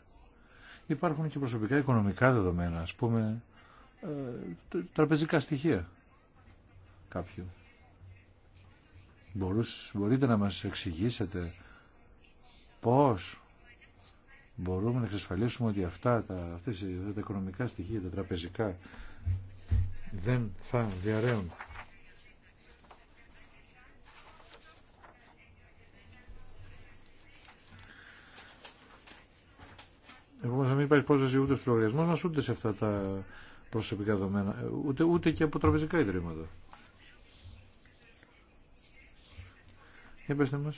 Speaker 3: υπάρχουν και προσωπικά οικονομικά δεδομένα, ας πούμε ε, τραπεζικά στοιχεία κάποιου. Μπορούς, μπορείτε να μας εξηγήσετε πώς μπορούμε να εξασφαλίσουμε ότι αυτά τα, αυτές, οικονομικά στοιχεία, τα τραπεζικά, δεν θα διαρρέουν Επομένω, να μην υπάρχει πρόσβαση ούτε στου λογαριασμού μα, ούτε σε αυτά τα προσωπικά δεδομένα, ούτε, ούτε και από τραπεζικά ιδρύματα. Για πετε μα,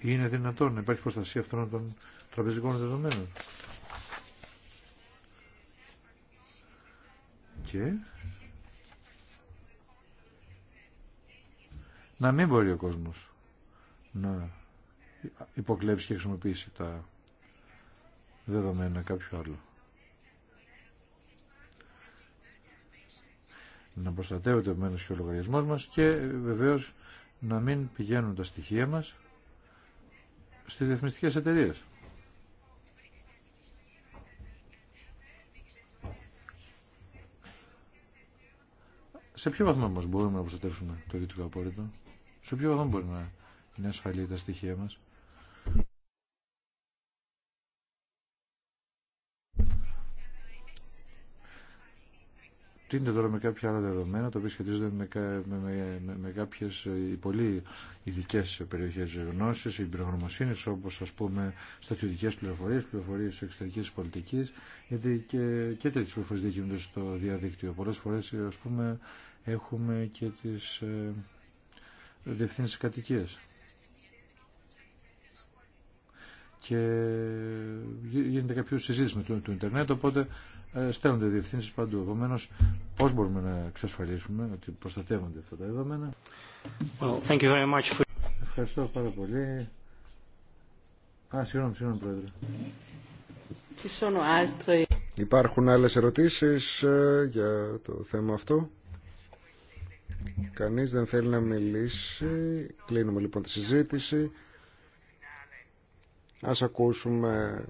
Speaker 3: είναι δυνατόν να υπάρχει προστασία αυτών των τραπεζικών δεδομένων. Και να μην μπορεί ο κόσμος να υποκλέψει και χρησιμοποιήσει τα δεδομένα κάποιο άλλο. Να προστατεύεται επομένω και ο λογαριασμό μα και βεβαίω να μην πηγαίνουν τα στοιχεία μα στι διαφημιστικέ εταιρείε. Σε ποιο βαθμό μας μπορούμε να προστατεύσουμε το δυτικό απόρριτο, σε ποιο βαθμό μπορούμε να είναι ασφαλή τα στοιχεία μας. συγκρίνεται τώρα με κάποια άλλα δεδομένα τα οποία σχετίζονται με, με, με, με κάποιες ε, πολύ ειδικέ περιοχές γνώση, εμπειρογνωμοσύνης όπω α πούμε στατιωτικέ πληροφορίε, πληροφορίε, εξωτερική πολιτική, γιατί και, και πληροφορίε πληροφορίες διακινούνται στο διαδίκτυο. Πολλέ φορέ ε, α πούμε έχουμε και τι ε, κατοικίε. και ε, γίνεται κάποιο συζήτηση με το, το Ιντερνετ, οπότε ε, στέλνονται διευθύνσει παντού. Επομένω, πώ μπορούμε να εξασφαλίσουμε ότι προστατεύονται αυτά τα δεδομένα. Well, thank you very much for... Ευχαριστώ πάρα πολύ. Α, συγγνώμη, συγγνώμη, Πρόεδρε.
Speaker 1: Υπάρχουν άλλες ερωτήσεις ε, για το θέμα αυτό. Κανείς δεν θέλει να μιλήσει. Κλείνουμε λοιπόν τη συζήτηση. Ας ακούσουμε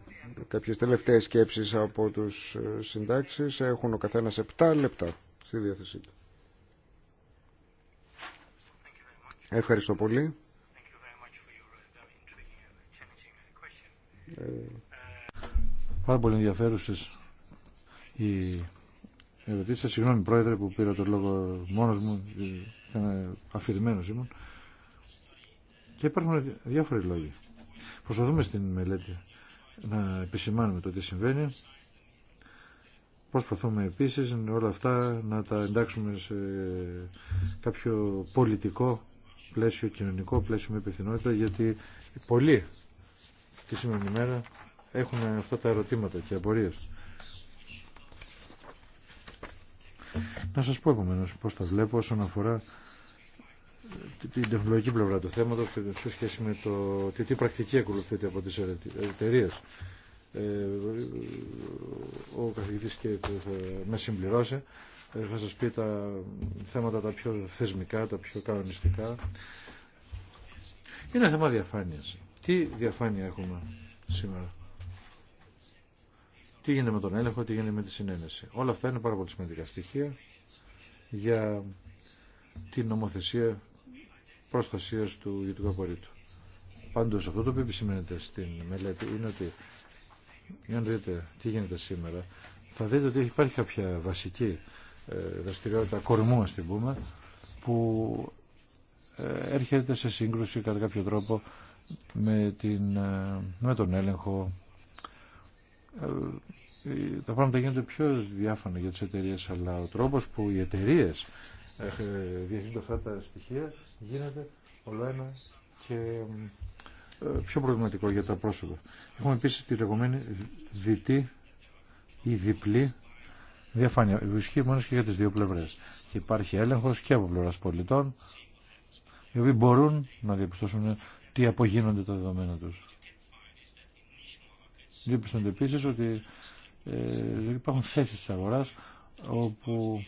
Speaker 1: κάποιες τελευταίες σκέψεις από τους ε, συντάξεις. Έχουν ο καθένας 7 λεπτά στη διάθεσή του. Ευχαριστώ πολύ.
Speaker 3: Ε, πάρα πολύ ενδιαφέρουσες οι ερωτήσει. Συγγνώμη, Πρόεδρε, που πήρα το λόγο μόνο μου. Ε, Αφηρημένο ήμουν. Και υπάρχουν διάφοροι λόγοι. Προσπαθούμε στην μελέτη να επισημάνουμε το τι συμβαίνει. Προσπαθούμε επίσης όλα αυτά να τα εντάξουμε σε κάποιο πολιτικό πλαίσιο, κοινωνικό πλαίσιο με υπευθυνότητα, γιατί πολλοί τη σήμερα έχουν αυτά τα ερωτήματα και απορίες. Να σας πω επομένως πώς τα βλέπω όσον αφορά την τεχνολογική πλευρά του θέματος σε σχέση με το τι, τι πρακτική ακολουθείται από τις εταιρείε. Ε, ο καθηγητής και θα με συμπληρώσει ε, θα σας πει τα θέματα τα πιο θεσμικά, τα πιο κανονιστικά. Είναι ένα θέμα διαφάνειας. Τι διαφάνεια έχουμε σήμερα. Τι γίνεται με τον έλεγχο, τι γίνεται με τη συνένεση. Όλα αυτά είναι πάρα πολύ σημαντικά στοιχεία για την νομοθεσία Πρόστασία του ιδιωτικού απορρίτου. Πάντω αυτό το οποίο επισημαίνεται στην μελέτη είναι ότι αν δείτε τι γίνεται σήμερα θα δείτε ότι υπάρχει κάποια βασική ε, δραστηριότητα κορμού α την πούμε που ε, έρχεται σε σύγκρουση κατά κάποιο τρόπο με, την, ε, με τον έλεγχο τα πράγματα γίνονται πιο διάφανα για τις εταιρείε, αλλά ο τρόπος που οι εταιρείε διαχειρίζονται αυτά τα στοιχεία γίνεται όλο ένα και ε, πιο προβληματικό για τα πρόσωπα. Έχουμε επίση τη λεγόμενη διτή ή διπλή διαφάνεια. Ισχύει μόνο και για τις δύο πλευρές. Και υπάρχει έλεγχος και από πλευράς πολιτών οι οποίοι μπορούν να διαπιστώσουν τι απογίνονται τα δεδομένα τους. Διαπιστώνται επίση ότι ε, υπάρχουν θέσει τη αγορά όπου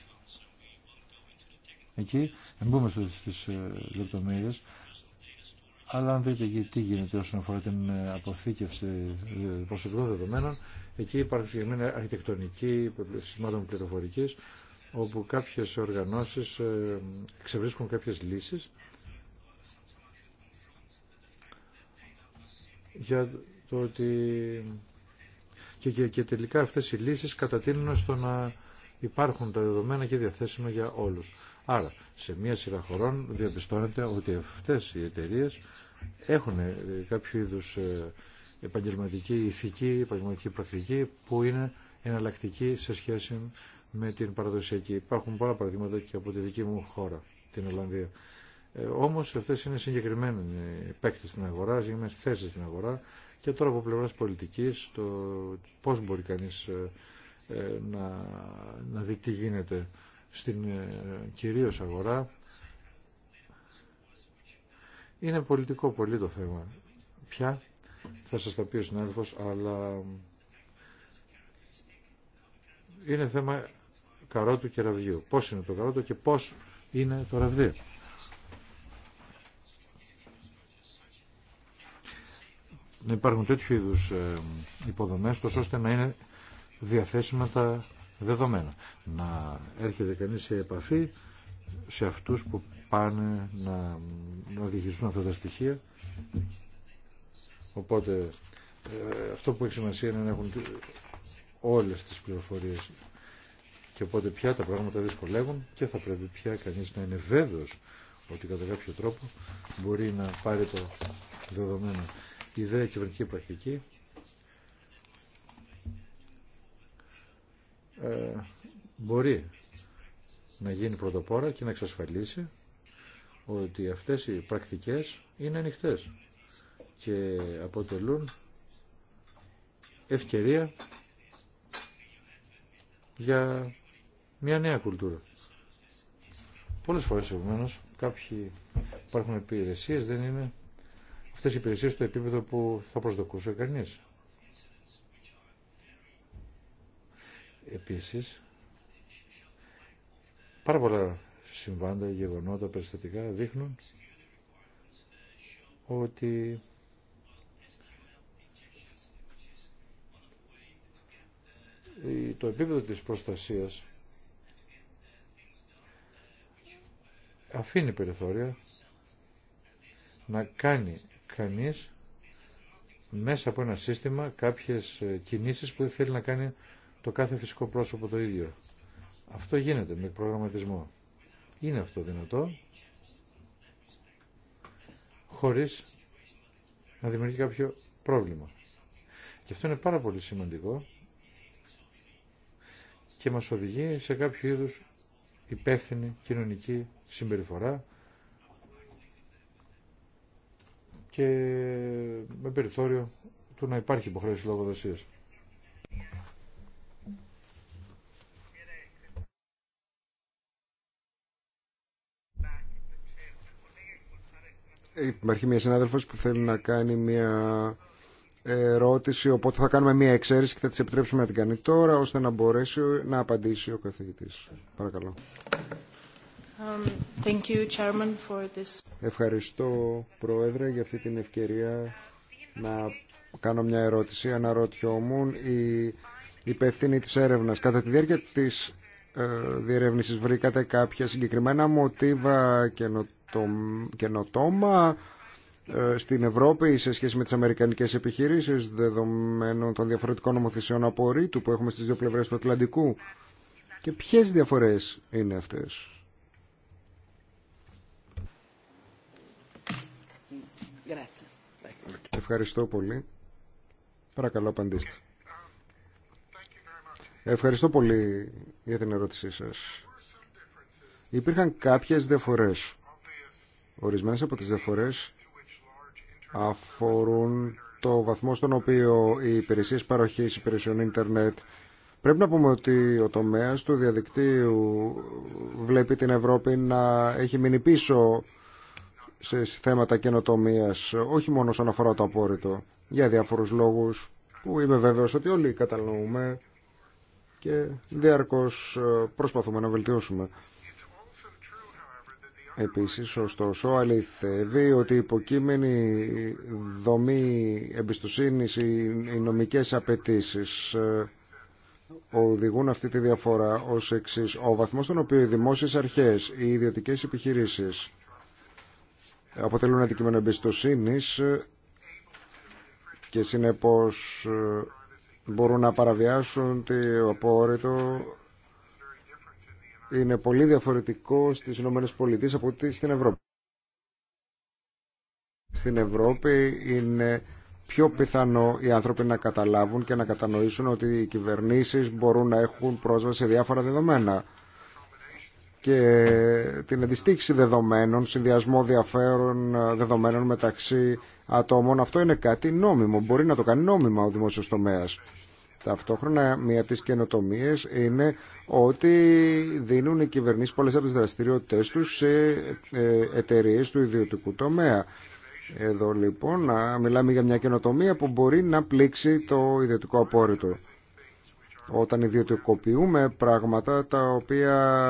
Speaker 3: Εκεί δεν μπούμε στις ε, αλλά αν δείτε εκεί τι γίνεται όσον αφορά την ε, αποθήκευση ε, προσωπικών δεδομένων, εκεί υπάρχει μια αρχιτεκτονική σημάδων πληροφορική, όπου κάποιες οργανώσεις ξεβρίσκουν κάποιες λύσεις για το ότι και, και, τελικά αυτές οι λύσεις κατατείνουν στο να υπάρχουν τα δεδομένα και διαθέσιμα για όλους. Άρα, σε μία σειρά χωρών διαπιστώνεται ότι αυτές οι εταιρείε έχουν ε, κάποιο είδους ε, επαγγελματική ηθική, επαγγελματική πρακτική που είναι εναλλακτική σε σχέση με την παραδοσιακή. Υπάρχουν πολλά παραδείγματα και από τη δική μου χώρα, την Ολλανδία. Ε, όμως αυτές είναι συγκεκριμένοι παίκτε στην αγορά, συγκεκριμένες θέσει στην αγορά και τώρα από πλευρά πολιτική, το πώ μπορεί κανεί ε, να, να δει τι γίνεται στην ε, κυρίως αγορά. Είναι πολιτικό πολύ το θέμα. Πια θα σας τα πει ο συνάδελφος, αλλά ε, είναι θέμα καρότου και ραβδιού. Πώς είναι το καρότο και πώς είναι το ραβδί. Να υπάρχουν τέτοιου είδους ε, υποδομές, τόσο ώστε να είναι διαθέσιμα τα δεδομένα. Να έρχεται κανείς σε επαφή σε αυτούς που πάνε να, να αυτά τα στοιχεία. Οπότε ε, αυτό που έχει σημασία είναι να έχουν όλες τις πληροφορίες και οπότε πια τα πράγματα δυσκολεύουν και θα πρέπει πια κανείς να είναι βέβαιος ότι κατά κάποιο τρόπο μπορεί να πάρει το δεδομένο. Η ιδέα κυβερνική πρακτική Ε, μπορεί να γίνει πρωτοπόρα και να εξασφαλίσει ότι αυτές οι πρακτικές είναι ανοιχτέ και αποτελούν ευκαιρία για μια νέα κουλτούρα. Πολλές φορές επομένως κάποιοι υπάρχουν υπηρεσίες, δεν είναι αυτές οι υπηρεσίες στο επίπεδο που θα προσδοκούσε κανείς. Επίσης, πάρα πολλά συμβάντα, γεγονότα, περιστατικά δείχνουν ότι το επίπεδο της προστασίας αφήνει περιθώρια να κάνει κανείς μέσα από ένα σύστημα κάποιες ε, κινήσεις που δεν θέλει να κάνει το κάθε φυσικό πρόσωπο το ίδιο. Αυτό γίνεται με προγραμματισμό. Είναι αυτό δυνατό χωρίς να δημιουργεί κάποιο πρόβλημα. Και αυτό είναι πάρα πολύ σημαντικό και μας οδηγεί σε κάποιο είδους υπεύθυνη κοινωνική συμπεριφορά και με περιθώριο του να υπάρχει υποχρέωση λογοδοσίας.
Speaker 1: Υπάρχει μια συνάδελφο που θέλει να κάνει μια ερώτηση, οπότε θα κάνουμε μια εξαίρεση και θα της επιτρέψουμε να την κάνει τώρα, ώστε να μπορέσει να απαντήσει ο καθηγητής. Παρακαλώ. Um, Ευχαριστώ, Πρόεδρε, για αυτή την ευκαιρία να κάνω μια ερώτηση. Αναρωτιόμουν η υπεύθυνη της έρευνας. Κατά τη διάρκεια της ε, βρήκατε κάποια συγκεκριμένα μοτίβα καινοτομίας το καινοτόμα ε, στην Ευρώπη σε σχέση με τις αμερικανικές επιχειρήσεις δεδομένων των διαφορετικών νομοθεσιών απορρίτου που έχουμε στις δύο πλευρές του Ατλαντικού και ποιες διαφορές είναι αυτές. Ευχαριστώ πολύ. Παρακαλώ απαντήστε. Ευχαριστώ πολύ για την ερώτησή σας. Υπήρχαν κάποιες διαφορές Ορισμένες από τις διαφορές αφορούν το βαθμό στον οποίο οι υπηρεσίες παροχής υπηρεσιών ίντερνετ Πρέπει να πούμε ότι ο τομέας του διαδικτύου βλέπει την Ευρώπη να έχει μείνει πίσω σε θέματα καινοτομία, όχι μόνο όσον αφορά το απόρριτο, για διάφορους λόγους που είμαι βέβαιος ότι όλοι κατανοούμε και διαρκώ ε, προσπαθούμε να βελτιώσουμε. Επίσης, ωστόσο, αληθεύει ότι η υποκείμενη δομή εμπιστοσύνης, οι νομικές απαιτήσεις ε, οδηγούν αυτή τη διαφορά ως εξής. Ο βαθμός στον οποίο οι δημόσιες αρχές, οι ιδιωτικές επιχειρήσεις αποτελούν αντικείμενο εμπιστοσύνη ε, και συνεπώς ε, μπορούν να παραβιάσουν το απόρριτο είναι πολύ διαφορετικό στις Ηνωμένες Πολιτείες από ότι στην Ευρώπη. Στην Ευρώπη είναι πιο πιθανό οι άνθρωποι να καταλάβουν και να κατανοήσουν ότι οι κυβερνήσεις μπορούν να έχουν πρόσβαση σε διάφορα δεδομένα και την αντιστήξη δεδομένων, συνδυασμό διαφέρων ε, δεδομένων μεταξύ ατόμων. Αυτό είναι κάτι νόμιμο. Μπορεί να το κάνει νόμιμα ο δημόσιος τομέας. Ταυτόχρονα, μία από τι καινοτομίε είναι ότι δίνουν οι κυβερνήσει πολλέ από τι δραστηριότητέ του σε ε, εταιρείε του ιδιωτικού τομέα. Εδώ λοιπόν να μιλάμε για μια καινοτομία που μπορεί να πλήξει το ιδιωτικό απόρριτο. Όταν ιδιωτικοποιούμε πράγματα τα οποία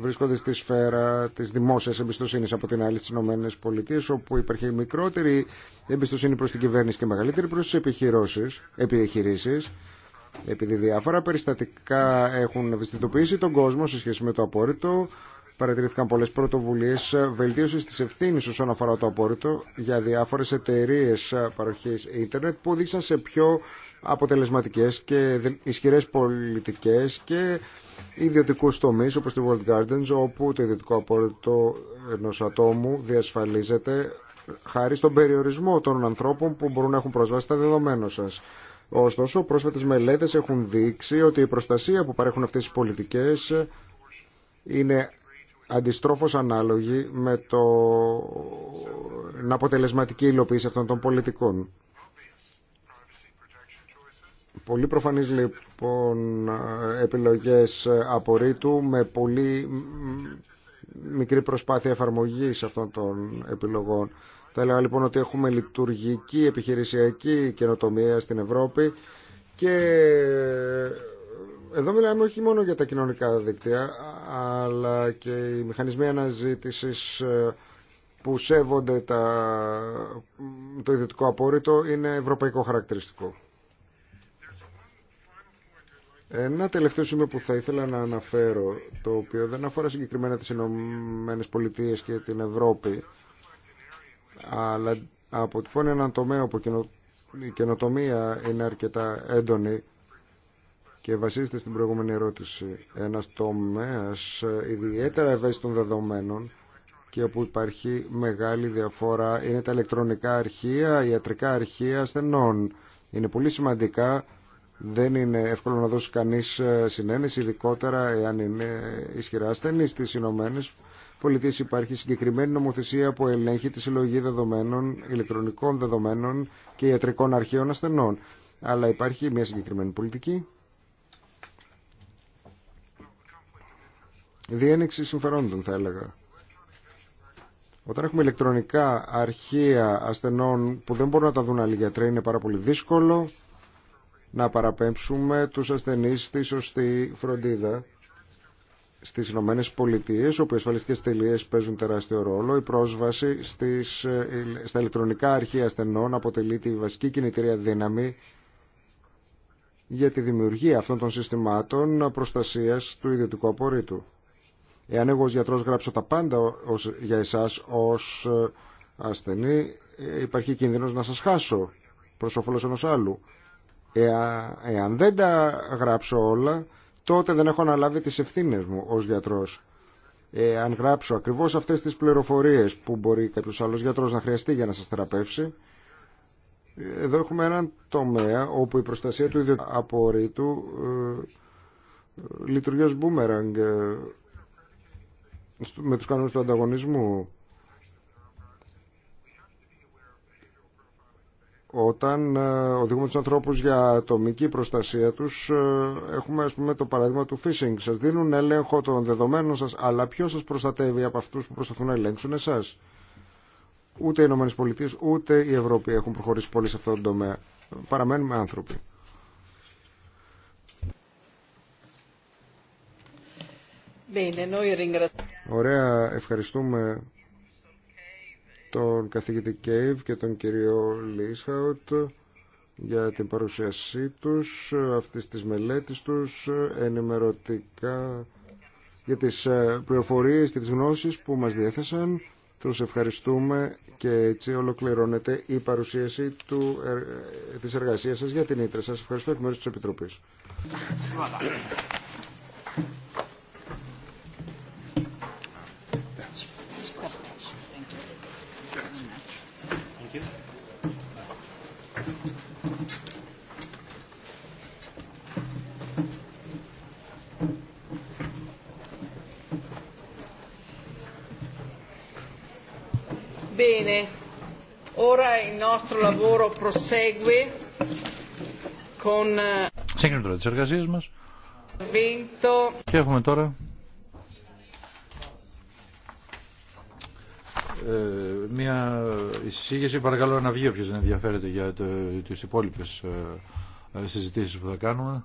Speaker 1: βρίσκονται στη σφαίρα της δημόσιας εμπιστοσύνης από την άλλη στις Ηνωμένες Πολιτείες όπου υπάρχει μικρότερη εμπιστοσύνη προς την κυβέρνηση και μεγαλύτερη προς τις επιχειρήσεις, επιχειρήσεις επειδή διάφορα περιστατικά έχουν ευαισθητοποιήσει τον κόσμο σε σχέση με το απόρριτο, παρατηρήθηκαν πολλές πρωτοβουλίες βελτίωσης της ευθύνης όσον αφορά το απόρριτο για διάφορες εταιρείε παροχής ίντερνετ που οδήγησαν σε πιο αποτελεσματικές και ισχυρές πολιτικές και ιδιωτικού τομεί όπως τη World Gardens όπου το ιδιωτικό απόρριτο ενό ατόμου διασφαλίζεται χάρη στον περιορισμό των ανθρώπων που μπορούν να έχουν προσβάσει τα δεδομένα σα. Ωστόσο, πρόσφατες μελέτε έχουν δείξει ότι η προστασία που παρέχουν αυτές οι πολιτικές είναι αντιστρόφως ανάλογη με το να αποτελεσματική υλοποίηση αυτών των πολιτικών. Πολύ προφανείς λοιπόν επιλογές απορρίτου με πολύ μικρή προσπάθεια εφαρμογής αυτών των επιλογών. Θα έλεγα λοιπόν ότι έχουμε λειτουργική επιχειρησιακή καινοτομία στην Ευρώπη και εδώ μιλάμε όχι μόνο για τα κοινωνικά δίκτυα αλλά και οι μηχανισμοί αναζήτησης ε, που σέβονται τα... το ιδιωτικό απόρριτο είναι ευρωπαϊκό χαρακτηριστικό. Ένα τελευταίο σημείο που θα ήθελα να αναφέρω, το οποίο δεν αφορά συγκεκριμένα τις Ηνωμένε Πολιτείες και την Ευρώπη, αλλά αποτυπώνει έναν τομέα όπου η καινοτομία είναι αρκετά έντονη και βασίζεται στην προηγούμενη ερώτηση. Ένας τομέας ε, ιδιαίτερα ευαίσθητων δεδομένων και όπου υπάρχει μεγάλη διαφορά είναι τα ηλεκτρονικά αρχεία, ιατρικά αρχεία ασθενών. Είναι πολύ σημαντικά, δεν είναι εύκολο να δώσει κανείς ε, συνένεση, ειδικότερα εάν είναι ε, ισχυρά ασθενή στι Ηνωμένε υπάρχει συγκεκριμένη νομοθεσία που ελέγχει τη συλλογή δεδομένων, ηλεκτρονικών δεδομένων και ιατρικών αρχείων ασθενών. Αλλά υπάρχει μια συγκεκριμένη πολιτική. Διένεξη συμφερόντων θα έλεγα. Όταν έχουμε ηλεκτρονικά αρχεία ασθενών που δεν μπορούν να τα δουν άλλοι γιατροί, είναι πάρα πολύ δύσκολο να παραπέμψουμε τους ασθενείς στη σωστή φροντίδα στις Ηνωμένε Πολιτείε, όπου οι ασφαλιστικές τελείες παίζουν τεράστιο ρόλο, η πρόσβαση στις, ε, ε, στα ηλεκτρονικά αρχεία ασθενών αποτελεί τη βασική κινητήρια δύναμη για τη δημιουργία αυτών των συστημάτων προστασίας του ιδιωτικού απορρίτου. Εάν εγώ ως γιατρός γράψω τα πάντα ως, για εσάς ως ε, ασθενή, υπάρχει κίνδυνος να σας χάσω προς όφελος ενός άλλου. εάν δεν τα γράψω όλα, τότε δεν έχω αναλάβει τις ευθύνες μου ως γιατρός. Ε, αν γράψω ακριβώς αυτές τις πληροφορίες που μπορεί κάποιος άλλος γιατρός να χρειαστεί για να σας θεραπεύσει, εδώ έχουμε έναν τομέα όπου η προστασία του ιδιωτικού απορρίτου ε, ε λειτουργεί ως μπούμεραγκ με τους κανόνες του ανταγωνισμού. όταν ε, οδηγούμε τους ανθρώπους για ατομική προστασία τους ε, έχουμε ας πούμε το παράδειγμα του phishing σας δίνουν έλεγχο των δεδομένων σας αλλά ποιος σας προστατεύει από αυτούς που προσπαθούν να ελέγξουν εσάς ούτε οι Ηνωμένες Πολιτείες ούτε η Ευρώπη έχουν προχωρήσει πολύ σε αυτόν τον τομέα παραμένουμε άνθρωποι Ωραία, ευχαριστούμε τον καθηγητή Κέιβ και τον κύριο Λίσχαουτ για την παρουσίασή τους, αυτής της μελέτης τους, ενημερωτικά για τις ε, πληροφορίες και τις γνώσεις που μας διέθεσαν. Τους ευχαριστούμε και έτσι ολοκληρώνεται η παρουσίαση του, ε, της εργασίας σας για την Ήτρα. Σας ευχαριστώ εκ μέρους της Επιτροπής.
Speaker 2: Ε,
Speaker 3: Σύγκρινε τώρα τις εργασίες μας και έχουμε τώρα ε, μια εισήγηση. Παρακαλώ να βγει όποιος δεν ενδιαφέρεται για το, τις υπόλοιπες ε, συζητήσεις που θα κάνουμε.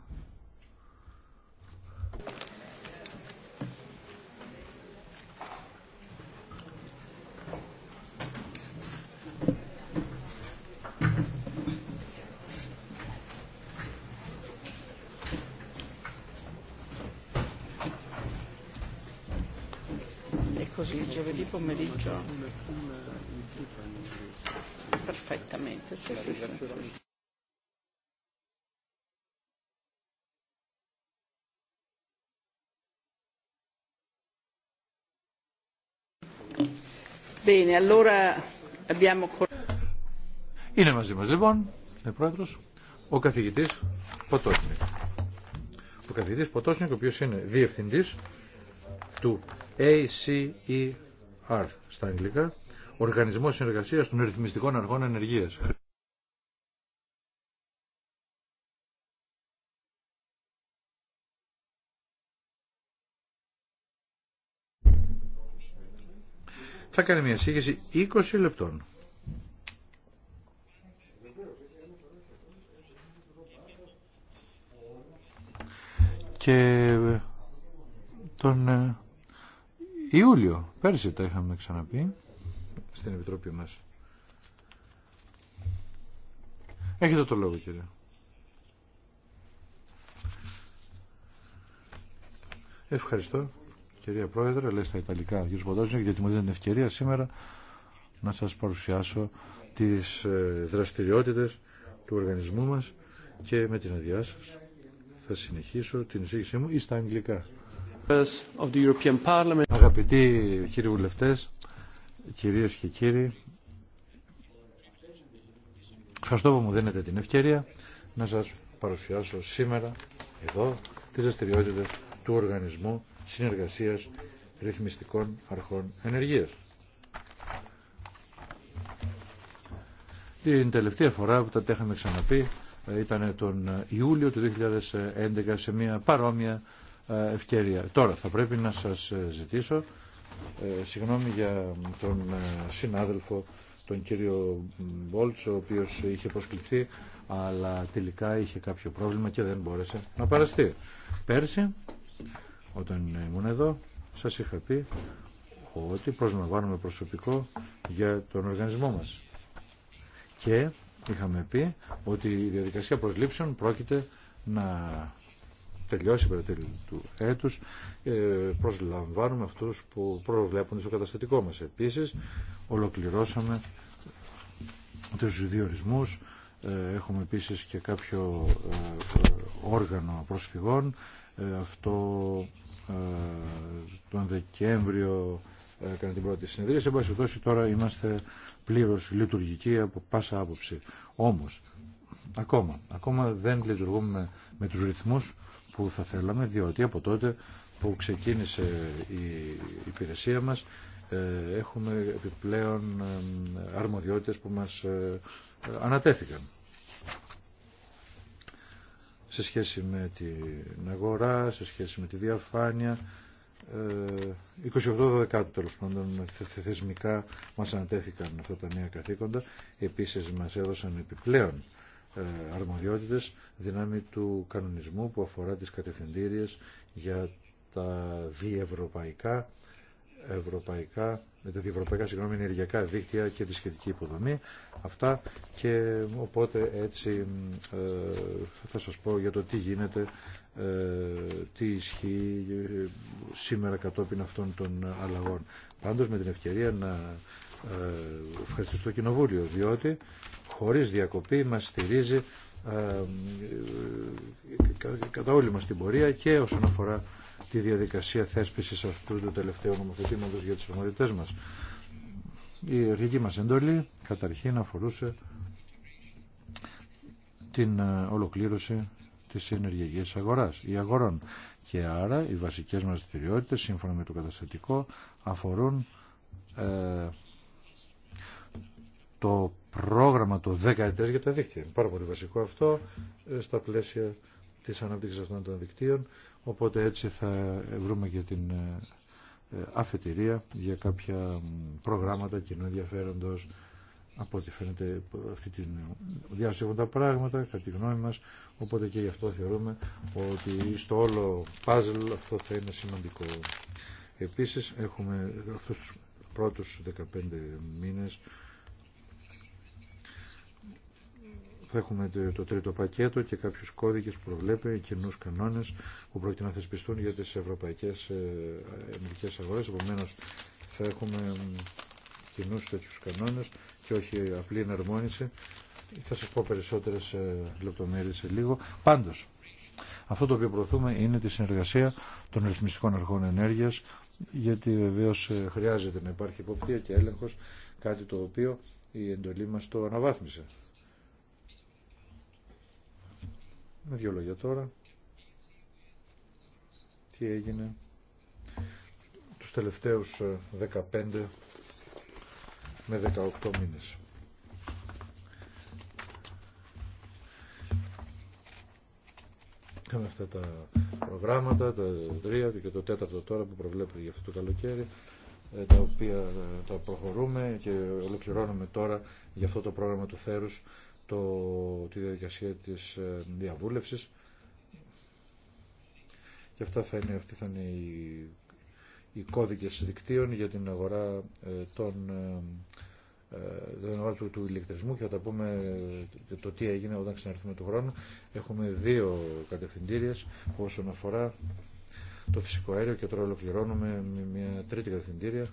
Speaker 3: Είναι μαζί μας λοιπόν, ο πρόεδρος, ο καθηγητής Ποτόσνικ. Ο καθηγητής Ποτόσνικ, ο οποίος είναι διευθυντής του ACER στα αγγλικά, Οργανισμός Συνεργασίας των Ρυθμιστικών Αργών Ενεργείας. θα κάνει μια σύγχυση 20 λεπτών. Και ε, τον ε, Ιούλιο, πέρσι τα είχαμε ξαναπεί στην Επιτροπή μας. Έχετε το λόγο κύριε. Ευχαριστώ κυρία Πρόεδρε, λέει στα Ιταλικά ο κ. γιατί μου δίνει την ευκαιρία σήμερα να σας παρουσιάσω τις ε, δραστηριότητες του οργανισμού μας και με την αδειά σας θα συνεχίσω την εισήγησή μου ή στα αγγλικά. Αγαπητοί κύριοι βουλευτές, κυρίες και κύριοι, ευχαριστώ που μου δίνετε την ευκαιρία να σας παρουσιάσω σήμερα εδώ τις δραστηριότητες του Οργανισμού Συνεργασίας Ρυθμιστικών Αρχών Ενεργείας. Την τελευταία φορά που τα έχαμε ξαναπεί ε, ήταν τον ε, Ιούλιο του 2011 σε μια παρόμοια ε, ευκαιρία. Τώρα θα πρέπει να σας ζητήσω συγγνώμη για τον συνάδελφο τον κύριο Μπόλτς ο οποίος είχε προσκληθεί αλλά τελικά είχε κάποιο πρόβλημα και δεν μπόρεσε να παραστεί. Πέρσι όταν ήμουν εδώ, σας είχα πει ότι προσλαμβάνουμε προσωπικό για τον οργανισμό μας. Και είχαμε πει ότι η διαδικασία προσλήψεων πρόκειται να τελειώσει πέρα του έτους. Ε, προσλαμβάνουμε αυτούς που προβλέπουν στο καταστατικό μας. Επίσης, ολοκληρώσαμε τους διορισμούς. Ε, έχουμε επίσης και κάποιο ε, όργανο προσφυγών ε, αυτό ε, τον Δεκέμβριο ε, κατά την πρώτη συνεδρία. Σε πάση τώρα είμαστε πλήρως λειτουργικοί από πάσα άποψη. Όμως, ακόμα, ακόμα δεν λειτουργούμε με τους ρυθμούς που θα θέλαμε, διότι από τότε που ξεκίνησε η υπηρεσία μας έχουμε επιπλέον αρμοδιότητες που μας ανατέθηκαν σε σχέση με την αγορά, σε σχέση με τη διαφάνεια. 28-12 ε, τέλο πάντων θεσμικά μας ανατέθηκαν αυτά τα νέα καθήκοντα. Επίσης μας έδωσαν επιπλέον ε, αρμοδιότητες δυνάμει του κανονισμού που αφορά τις κατευθυντήριες για τα διευρωπαϊκά ευρωπαϊκά, με τα διευρωπαϊκά συγγνώμη, ενεργειακά δίκτυα και τη σχετική υποδομή. Αυτά και οπότε έτσι ε, θα σας πω για το τι γίνεται, ε, τι ισχύει ε, σήμερα κατόπιν αυτών των αλλαγών. Πάντως με την ευκαιρία να ε, ευχαριστήσω το Κοινοβούλιο, διότι χωρίς διακοπή μας στηρίζει ε, κατά όλη μας την πορεία και όσον αφορά τη διαδικασία θέσπισης αυτού του τελευταίου νομοθετήματος για τις ομοριτές μας. Η αρχική μας εντολή καταρχήν αφορούσε την ε, ολοκλήρωση της ενεργειακής αγοράς ή αγορών και άρα οι βασικές μας δραστηριότητε, σύμφωνα με το καταστατικό αφορούν ε, το πρόγραμμα το 10 για τα δίκτυα. Είναι πάρα πολύ βασικό αυτό ε, στα πλαίσια της ανάπτυξης αυτών των δικτύων Οπότε έτσι θα βρούμε και την ε, ε, αφετηρία για κάποια προγράμματα κοινού ενδιαφέροντος από ό,τι φαίνεται αυτή την ε, διάσταση τα πράγματα, κατά τη γνώμη μας, οπότε και γι' αυτό θεωρούμε ότι στο όλο παζλ αυτό θα είναι σημαντικό. Επίσης έχουμε αυτούς τους πρώτους 15 μήνες θα έχουμε το τρίτο πακέτο και κάποιους κώδικες που προβλέπει κοινού κανόνες που πρόκειται να θεσπιστούν για τις ευρωπαϊκές ε, ενεργικές αγορές. Επομένω, θα έχουμε κοινού τέτοιου κανόνες και όχι απλή εναρμόνιση. Θα σας πω περισσότερες ε, λεπτομέρειες σε λίγο. Πάντως, αυτό το οποίο προωθούμε είναι τη συνεργασία των ρυθμιστικών αρχών ενέργειας γιατί βεβαίω ε, χρειάζεται να υπάρχει υποπτία και έλεγχος κάτι το οποίο η εντολή μας το αναβάθμισε. Με δύο λόγια τώρα. Τι έγινε τους τελευταίους 15 ε, με 18 μήνες. Είχαμε αυτά τα προγράμματα, τα τρία και το τέταρτο τώρα που προβλέπεται για αυτό το καλοκαίρι, ε, τα οποία ε, τα προχωρούμε και ολοκληρώνουμε τώρα για αυτό το πρόγραμμα του Θέρους το, τη διαδικασία της ε, διαβούλευσης και αυτά θα είναι, αυτοί θα είναι οι, οι κώδικες δικτύων για την αγορά ε, των ε, ε του, του ηλεκτρισμού και θα τα πούμε ε, το τι έγινε όταν ξαναρθούμε του χρόνου. Έχουμε δύο κατευθυντήριες όσον αφορά το φυσικό αέριο και τώρα ολοκληρώνουμε μια τρίτη κατευθυντήρια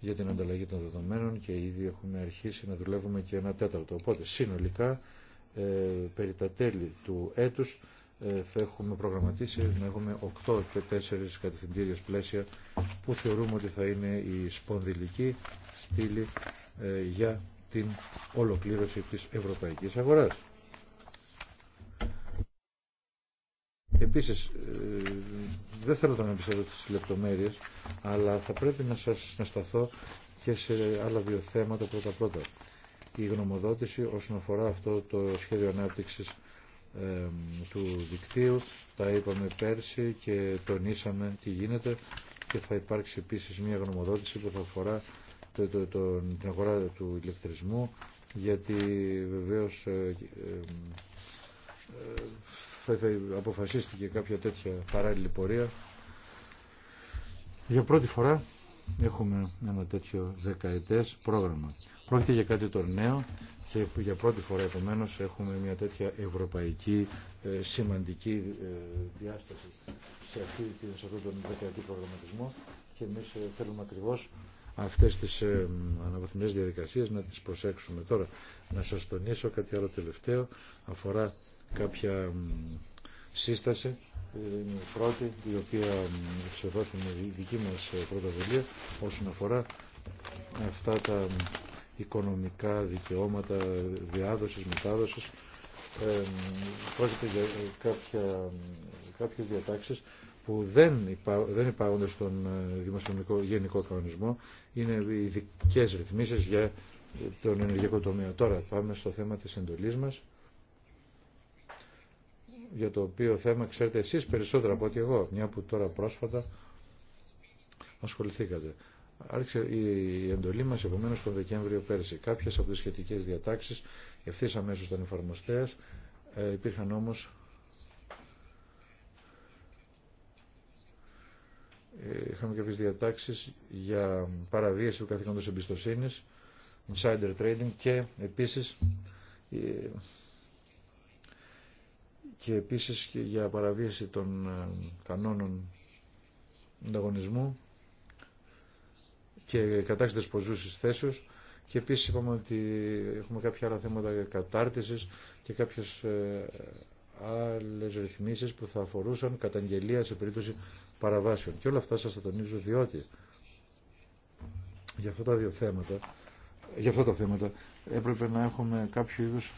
Speaker 3: για την ανταλλαγή των δεδομένων και ήδη έχουμε αρχίσει να δουλεύουμε και ένα τέταρτο. Οπότε συνολικά ε, περί τα τέλη του έτους ε, θα έχουμε προγραμματίσει να έχουμε 8 και 4 κατευθυντήριες πλαίσια που θεωρούμε ότι θα είναι η σπονδυλική στήλη ε, για την ολοκλήρωση της ευρωπαϊκής αγοράς. Επίσης, ε, δεν θέλω να επιστρέψω στις λεπτομέρειες, αλλά θα πρέπει να σας να σταθώ και σε άλλα δύο θέματα πρώτα-πρώτα. Η γνωμοδότηση όσον αφορά αυτό το σχέδιο ανάπτυξης του δικτύου, τα είπαμε πέρσι και τονίσαμε τι γίνεται και θα υπάρξει επίσης μια γνωμοδότηση που θα αφορά το, την αγορά του ηλεκτρισμού γιατί βεβαίως ε, ε, αποφασίστηκε κάποια τέτοια παράλληλη πορεία. Για πρώτη φορά έχουμε ένα τέτοιο δεκαετές πρόγραμμα. Πρόκειται για κάτι το νέο και για πρώτη φορά επομένω έχουμε μια τέτοια ευρωπαϊκή ε, σημαντική ε, διάσταση σε, αυτή, σε αυτόν τον δεκαετή προγραμματισμό και εμεί ε, θέλουμε ακριβώ αυτές τις ε, διαδικασίες να τις προσέξουμε. Τώρα να σας τονίσω κάτι άλλο τελευταίο αφορά κάποια σύσταση πρώτη η οποία εξεδόθηκε με δική μας ε, πρωτοβουλία όσον αφορά αυτά τα οικονομικά δικαιώματα διάδοσης, μετάδοσης ε, πρόκειται για ε, κάποια, κάποιες διατάξεις που δεν, δεν υπάγονται στον ε, δημοσιονομικό γενικό κανονισμό είναι ειδικέ ρυθμίσεις για τον ενεργειακό τομέα. Τώρα πάμε στο θέμα της εντολής μας για το οποίο θέμα ξέρετε εσείς περισσότερα από ό,τι εγώ, μια που τώρα πρόσφατα ασχοληθήκατε. Άρχισε η εντολή μας επομένω τον Δεκέμβριο πέρσι. Κάποιες από τις σχετικές διατάξεις ευθύς αμέσως ήταν εφαρμοστέας, ε, υπήρχαν όμως ε, είχαμε κάποιες διατάξεις για παραβίαση του καθήκοντος εμπιστοσύνη, insider trading και επίσης ε, και επίσης και για παραβίαση των ε, κανόνων ανταγωνισμού και κατάξει δεσποζούσης θέσεως και επίσης είπαμε ότι έχουμε κάποια άλλα θέματα κατάρτισης και κάποιες ε, άλλες ρυθμίσεις που θα αφορούσαν καταγγελία σε περίπτωση παραβάσεων. Και όλα αυτά σας τα τονίζω διότι για αυτά τα δύο θέματα, για αυτά τα θέματα έπρεπε να έχουμε κάποιο είδους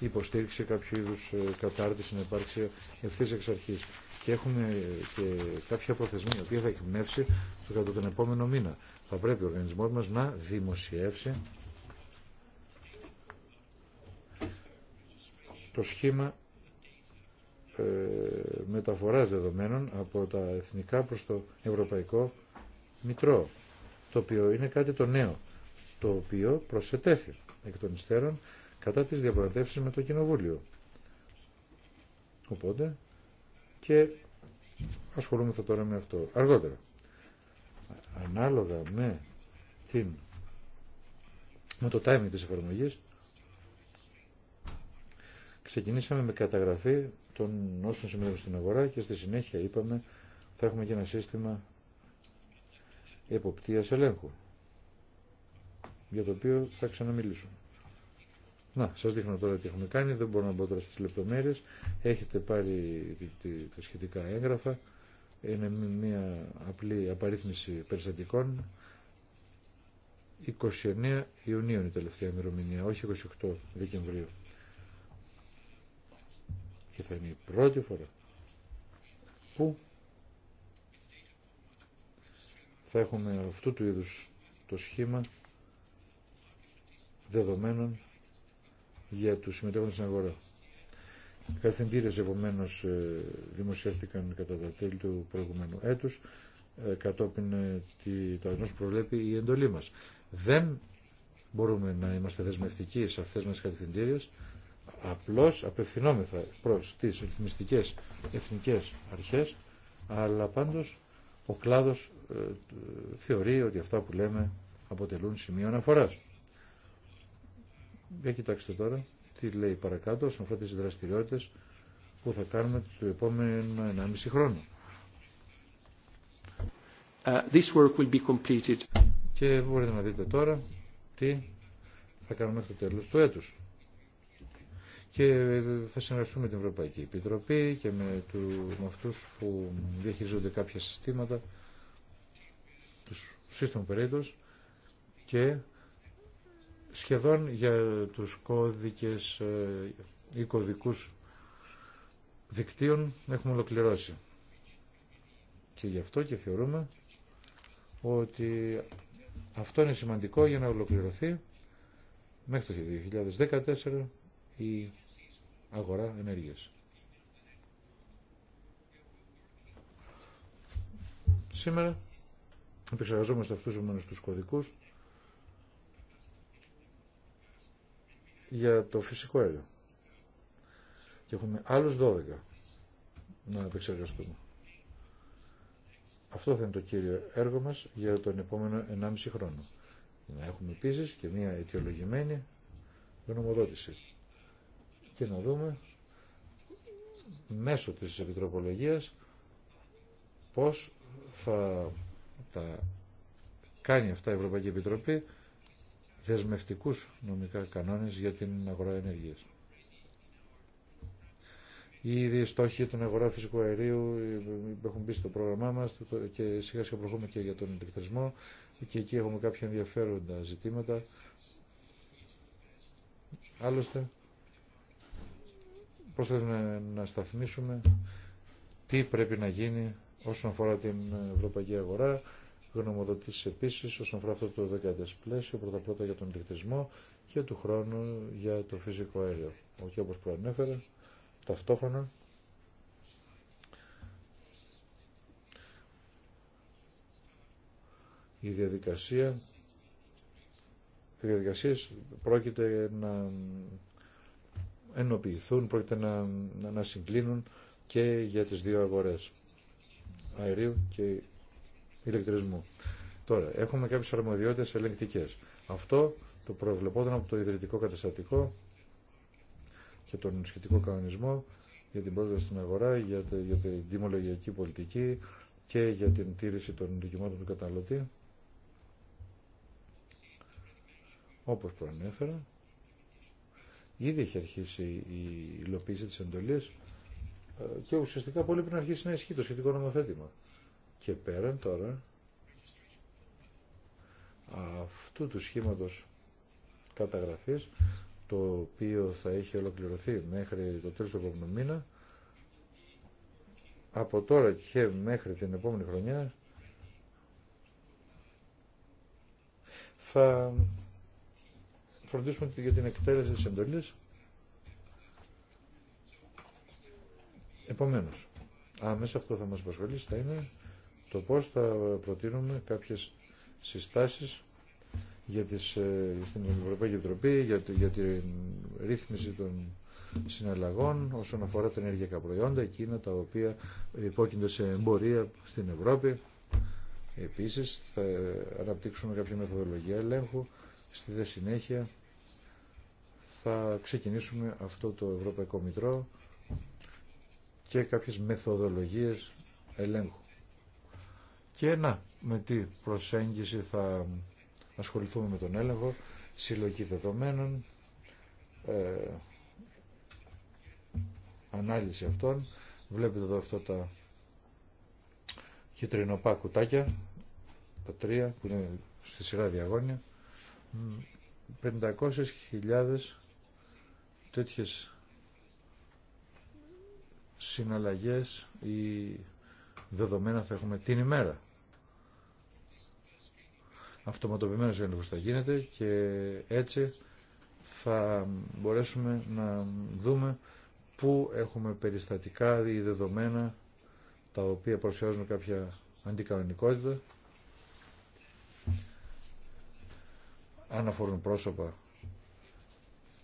Speaker 3: υποστήριξη κάποιο είδου ε, κατάρτιση να υπάρξει ευθύ εξ αρχή. Και έχουμε ε, και κάποια προθεσμία, η οποία θα εκπνεύσει κατά τον επόμενο μήνα. Θα πρέπει ο οργανισμό μα να δημοσιεύσει το σχήμα ε, μεταφοράς δεδομένων από τα εθνικά προς το ευρωπαϊκό μητρό, το οποίο είναι κάτι το νέο, το οποίο προσετέθη εκ των υστέρων κατά τις διαπραγματεύσεις με το Κοινοβούλιο. Οπότε και ασχολούμαστε τώρα με αυτό αργότερα. Ανάλογα με, την, με το timing της εφαρμογής ξεκινήσαμε με καταγραφή των όσων συμμετέχουν στην αγορά και στη συνέχεια είπαμε θα έχουμε και ένα σύστημα εποπτείας ελέγχου για το οποίο θα ξαναμιλήσουμε. Να, σα δείχνω τώρα τι έχουμε κάνει, δεν μπορώ να μπω τώρα στι λεπτομέρειε. Έχετε πάρει τα σχετικά έγγραφα. Είναι μια απλή απαρίθμηση περιστατικών. 29 Ιουνίου η τελευταία ημερομηνία, όχι 28 Δεκεμβρίου. Και θα είναι η πρώτη φορά που θα έχουμε αυτού του είδους το σχήμα δεδομένων για τους συμμετέχοντες στην αγορά. εμπειρίες επομένως ε, δημοσιεύτηκαν κατά τα τέλη του προηγουμένου έτους ε, κατόπιν ε, το που προβλέπει η εντολή μας. Δεν μπορούμε να είμαστε δεσμευτικοί σε αυτές μας κατευθυντήριες, απλώς απευθυνόμεθα προς τις ρυθμιστικές εθνικές αρχές, αλλά πάντως ο κλάδος θεωρεί ότι αυτά που λέμε αποτελούν σημείο αναφοράς. Για κοιτάξτε τώρα τι λέει παρακάτω όσον αφορά τις δραστηριότητες που θα κάνουμε το επόμενο 1,5 χρόνο. Ε, this work will be completed. Και μπορείτε να δείτε τώρα τι θα κάνουμε μέχρι το τέλος του έτους. Και ε, θα συνεργαστούμε με την Ευρωπαϊκή Επιτροπή και με, του, με αυτούς που διαχειριζόνται κάποια συστήματα, τους σύστημα περίπτωσης και σχεδόν για τους κώδικες ε, ή κωδικούς δικτύων έχουμε ολοκληρώσει. Και γι' αυτό και θεωρούμε ότι αυτό είναι σημαντικό για να ολοκληρωθεί μέχρι το 2014 η αγορά ενέργειας. Σήμερα επεξεργαζόμαστε αυτούς τους κωδικούς για το φυσικό έργο. Και έχουμε άλλους 12 να επεξεργαστούμε. Αυτό θα είναι το κύριο έργο μας για τον επόμενο 1,5 χρόνο. Να έχουμε επίση και μια αιτιολογημένη γνωμοδότηση. Και να δούμε μέσω της επιτροπολογίας πώς θα τα κάνει αυτά η Ευρωπαϊκή Επιτροπή δεσμευτικούς νομικά κανόνες για την αγορά ενέργειας. Ήδη στόχοι των αγορά φυσικού αερίου έχουν μπει στο πρόγραμμά μας και σιγά σιγά προχωρούμε και για τον ηλεκτρισμό και εκεί έχουμε κάποια ενδιαφέροντα ζητήματα. Άλλωστε, προσπαθούμε να σταθμίσουμε, τι πρέπει να γίνει όσον αφορά την ευρωπαϊκή αγορά, γνωμοδοτήσει επίση όσον αφορά αυτό το δεκαετέ πλαίσιο, πρώτα πρώτα για τον πληθυσμό και του χρόνου για το φυσικό αέριο. Όχι όπω προανέφερα, ταυτόχρονα η διαδικασία οι διαδικασίες πρόκειται να ενοποιηθούν, πρόκειται να, να συγκλίνουν και για τις δύο αγορές αερίου και ηλεκτρισμού. Τώρα, έχουμε κάποιε αρμοδιότητε ελεγκτικέ. Αυτό το προβλεπόταν από το ιδρυτικό καταστατικό και τον σχετικό κανονισμό για την πρόσβαση στην αγορά, για, για την τιμολογιακή πολιτική και για την τήρηση των δικαιωμάτων του καταναλωτή. Όπως προανέφερα, ήδη έχει αρχίσει η υλοποίηση της εντολής ε, και ουσιαστικά πολύ πριν αρχίσει να ισχύει το σχετικό νομοθέτημα. Και πέραν τώρα αυτού του σχήματος καταγραφής το οποίο θα έχει ολοκληρωθεί μέχρι το τέλος του επόμενου μήνα από τώρα και μέχρι την επόμενη χρονιά θα φροντίσουμε για την εκτέλεση της εντολής επομένως άμεσα αυτό θα μας απασχολήσει θα είναι το πώς θα προτείνουμε κάποιες συστάσεις για τις, ε, στην Ευρωπαϊκή Επιτροπή για, για την ρύθμιση των συναλλαγών όσον αφορά τα ενεργειακά προϊόντα, εκείνα τα οποία υπόκεινται σε εμπορία στην Ευρώπη. Επίσης θα αναπτύξουμε κάποια μεθοδολογία ελέγχου. Στη δε συνέχεια θα ξεκινήσουμε αυτό το Ευρωπαϊκό Μητρό και κάποιες μεθοδολογίες ελέγχου. Και να, με τι προσέγγιση θα ασχοληθούμε με τον έλεγχο, συλλογή δεδομένων, ε, ανάλυση αυτών. Βλέπετε εδώ αυτά τα κυτρινοπά κουτάκια, τα τρία που είναι στη σειρά διαγώνια. 500.000 τέτοιες συναλλαγές ή δεδομένα θα έχουμε την ημέρα αυτοματοποιημένος έλεγχος θα γίνεται και έτσι θα μπορέσουμε να δούμε πού έχουμε περιστατικά ή δεδομένα τα οποία παρουσιάζουν κάποια αντικανονικότητα αν αφορούν πρόσωπα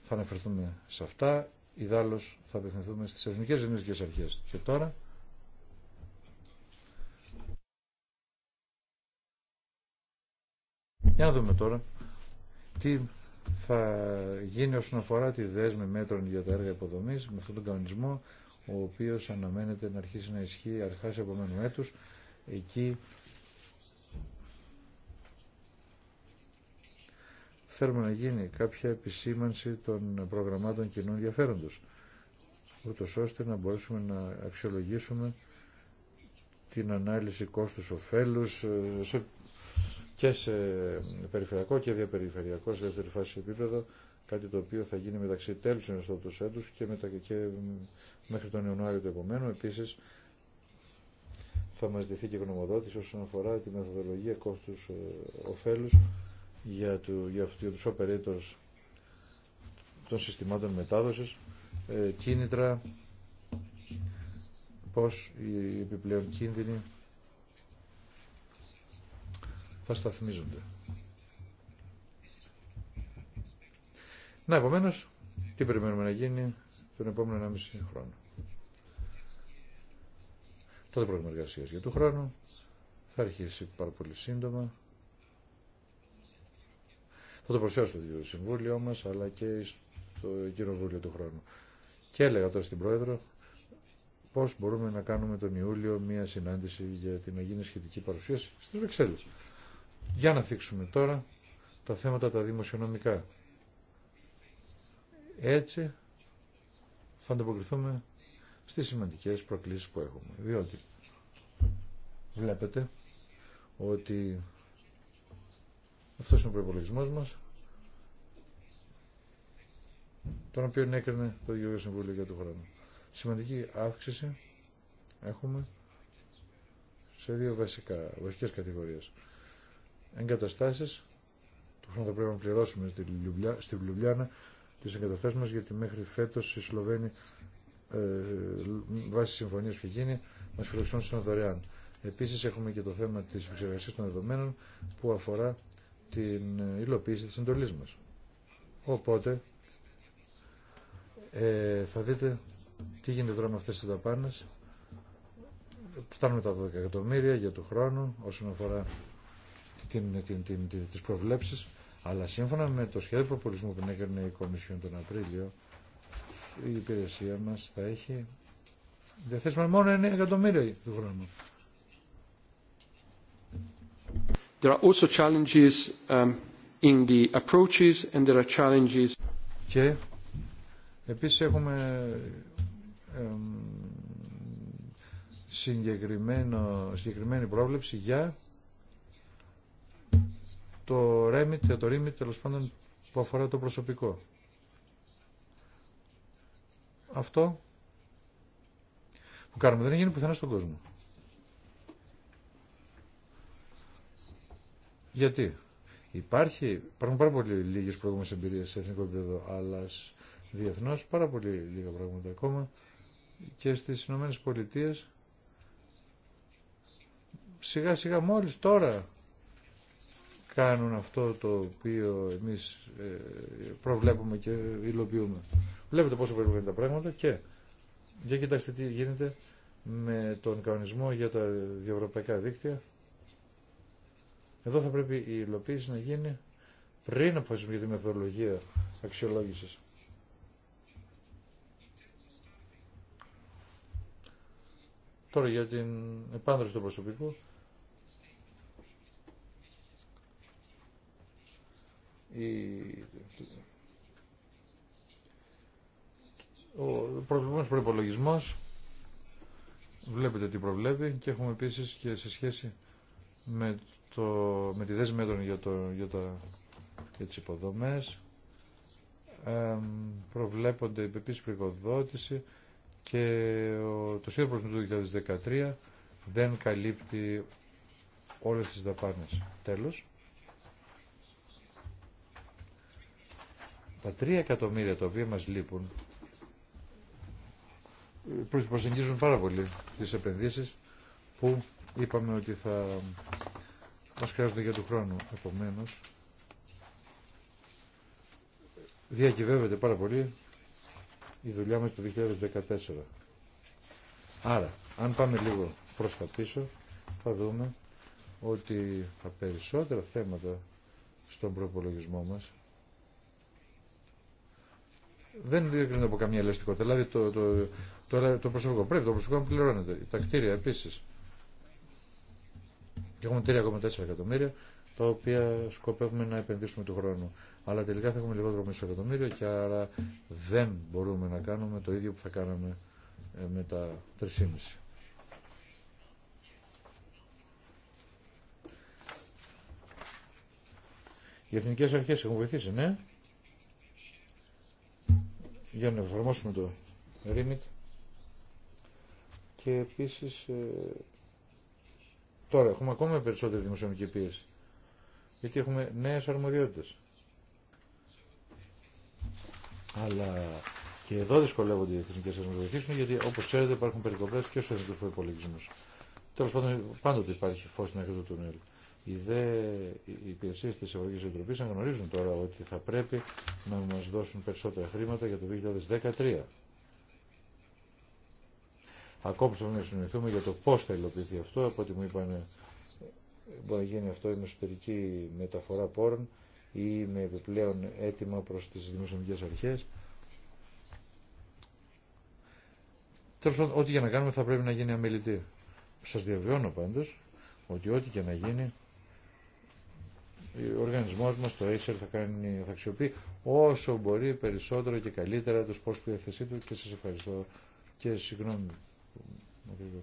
Speaker 3: θα αναφερθούμε σε αυτά ιδάλλως θα απευθυνθούμε στις εθνικές ελληνικές αρχές και τώρα Για να δούμε τώρα τι θα γίνει όσον αφορά τη δέσμη μέτρων για τα έργα υποδομή με αυτόν τον κανονισμό ο οποίος αναμένεται να αρχίσει να ισχύει αρχάς επομένου έτους εκεί θέλουμε να γίνει κάποια επισήμανση των προγραμμάτων κοινού ενδιαφέροντο, ούτω ώστε να μπορέσουμε να αξιολογήσουμε την ανάλυση κόστους-οφέλους ε, σε και σε περιφερειακό και διαπεριφερειακό σε δεύτερη φάση επίπεδο, κάτι το οποίο θα γίνει μεταξύ τέλους του ενωστότους και, μετα, και μέχρι τον Ιανουάριο του επομένου. Επίσης θα μας δηθεί και γνωμοδότηση όσον αφορά τη μεθοδολογία κόστους ε, ωφέλους για, του, για, operators των συστημάτων μετάδοσης, ε, κίνητρα, πώ οι επιπλέον κίνδυνοι θα σταθμίζονται. Να, επομένω, τι περιμένουμε να γίνει τον επόμενο 1,5 χρόνο. Το δε πρόγραμμα εργασία για του χρόνου θα αρχίσει πάρα πολύ σύντομα. Θα το προσφέρω στο Συμβούλιο μα αλλά και στο Κοινοβούλιο του χρόνου. Και έλεγα τώρα στην Πρόεδρο πώς μπορούμε να κάνουμε τον Ιούλιο μία συνάντηση για την να γίνει σχετική παρουσίαση στις Βρυξέλλες. Για να θίξουμε τώρα τα θέματα τα δημοσιονομικά. Έτσι θα ανταποκριθούμε στις σημαντικές προκλήσεις που έχουμε. Διότι βλέπετε ότι αυτός είναι ο προπολογισμό μας τον οποίο έκρινε το Διευθυντικό Συμβούλιο για το χρόνο. Σημαντική αύξηση έχουμε σε δύο βασικά, βασικές κατηγορίες εγκαταστάσεις χρόνο θα πρέπει να πληρώσουμε στη Λιουμπλιά, στη Λιουμπλιάνα τις εγκαταστάσεις μας γιατί μέχρι φέτος οι Σλοβαίνοι ε, βάσει συμφωνία που γίνει μας φιλοξενούν δωρεάν. Επίση έχουμε και το θέμα τη εξεργασίας των δεδομένων που αφορά την υλοποίηση τη εντολή μα. Οπότε ε, θα δείτε τι γίνεται τώρα με αυτέ τι δαπάνε Φτάνουμε τα 12 εκατομμύρια για το χρόνο όσον αφορά την, την, την, την, τις προβλέψεις, αλλά σύμφωνα με το σχέδιο προπολισμού που έκανε η Κομισιόν τον Απρίλιο, η υπηρεσία μας θα έχει διαθέσιμα μόνο 9 εκατομμύρια του χρόνου. There are also challenges um, in the approaches and there are challenges. Και επίσης έχουμε εμ, συγκεκριμένο, συγκεκριμένη πρόβλεψη για το REMIT, το REMIT τέλο πάντων που αφορά το προσωπικό. Αυτό που κάνουμε δεν γίνει πουθενά στον κόσμο. Γιατί υπάρχει, υπάρχουν πάρα πολύ λίγε προηγούμενε εμπειρίε σε εθνικό επίπεδο, αλλά διεθνώ πάρα πολύ λίγα πράγματα ακόμα και στι Ηνωμένε Πολιτείε. Σιγά σιγά μόλις τώρα κάνουν αυτό το οποίο εμείς ε, προβλέπουμε και υλοποιούμε. Βλέπετε πόσο περίπου τα πράγματα και για κοιτάξτε τι γίνεται με τον κανονισμό για τα διευρωπαϊκά δίκτυα. Εδώ θα πρέπει η υλοποίηση να γίνει πριν αποφασίσουμε για τη μεθοδολογία αξιολόγηση. Τώρα για την επάνδρωση του προσωπικού ο προβλημός προϋπολογισμός βλέπετε τι προβλέπει και έχουμε επίσης και σε σχέση με, το, με τη δέσμη μέτρων για, το, για, τα, για τις υποδομές προβλέπονται επίσης προϋποδότηση και το σχέδιο προς του 2013 δεν καλύπτει όλες τις δαπάνες. Τέλος. Τα τρία εκατομμύρια τα οποία μας λείπουν προσεγγίζουν πάρα πολύ τις επενδύσεις που είπαμε ότι θα μας χρειάζονται για του χρόνου. Επομένως, διακυβεύεται πάρα πολύ η δουλειά μας το 2014. Άρα, αν πάμε λίγο προς τα πίσω, θα δούμε ότι τα περισσότερα θέματα στον προπολογισμό μας δεν διακρίνονται από καμία ελαστικότητα. Δηλαδή το, το, το, το προσωπικό πρέπει, το προσωπικό να πληρώνεται. Τα κτίρια επίση. Και έχουμε 3,4 εκατομμύρια τα οποία σκοπεύουμε να επενδύσουμε του χρόνου. Αλλά τελικά θα έχουμε λιγότερο μισό εκατομμύριο και άρα δεν μπορούμε να κάνουμε το ίδιο που θα κάναμε ε, με τα 3,5. Οι εθνικές αρχές έχουν βοηθήσει, ναι για να εφαρμόσουμε το REMIT και επίσης ε, τώρα έχουμε ακόμα περισσότερη δημοσιονομική πίεση γιατί έχουμε νέες αρμοδιότητες αλλά και εδώ δυσκολεύονται οι εθνικέ να βοηθήσουν, γιατί όπω ξέρετε υπάρχουν περικοπέ και στου εθνικού προπολογισμού. Τέλο πάντων, πάντοτε υπάρχει φω στην αρχή του τουνέλ. Οι δε υπηρεσίε τη Ευρωπαϊκή Επιτροπή αναγνωρίζουν τώρα ότι θα πρέπει να μα δώσουν περισσότερα χρήματα για το 2013. Ακόμα πρέπει να συνοηθούμε για το πώ θα υλοποιηθεί αυτό. Από ό,τι μου είπαν, μπορεί να γίνει αυτό με εσωτερική μεταφορά πόρων ή με επιπλέον αίτημα προ τι δημοσιονομικέ αρχέ. Τέλο πάντων, ό,τι για να κάνουμε θα πρέπει να γίνει αμελητή. Σα διαβιώνω πάντω ότι ό,τι και να γίνει ο οργανισμός μας, το Acer, θα, κάνει, θα αξιοποιεί όσο μπορεί περισσότερο και καλύτερα τους πόρους που του και σας ευχαριστώ και συγγνώμη που με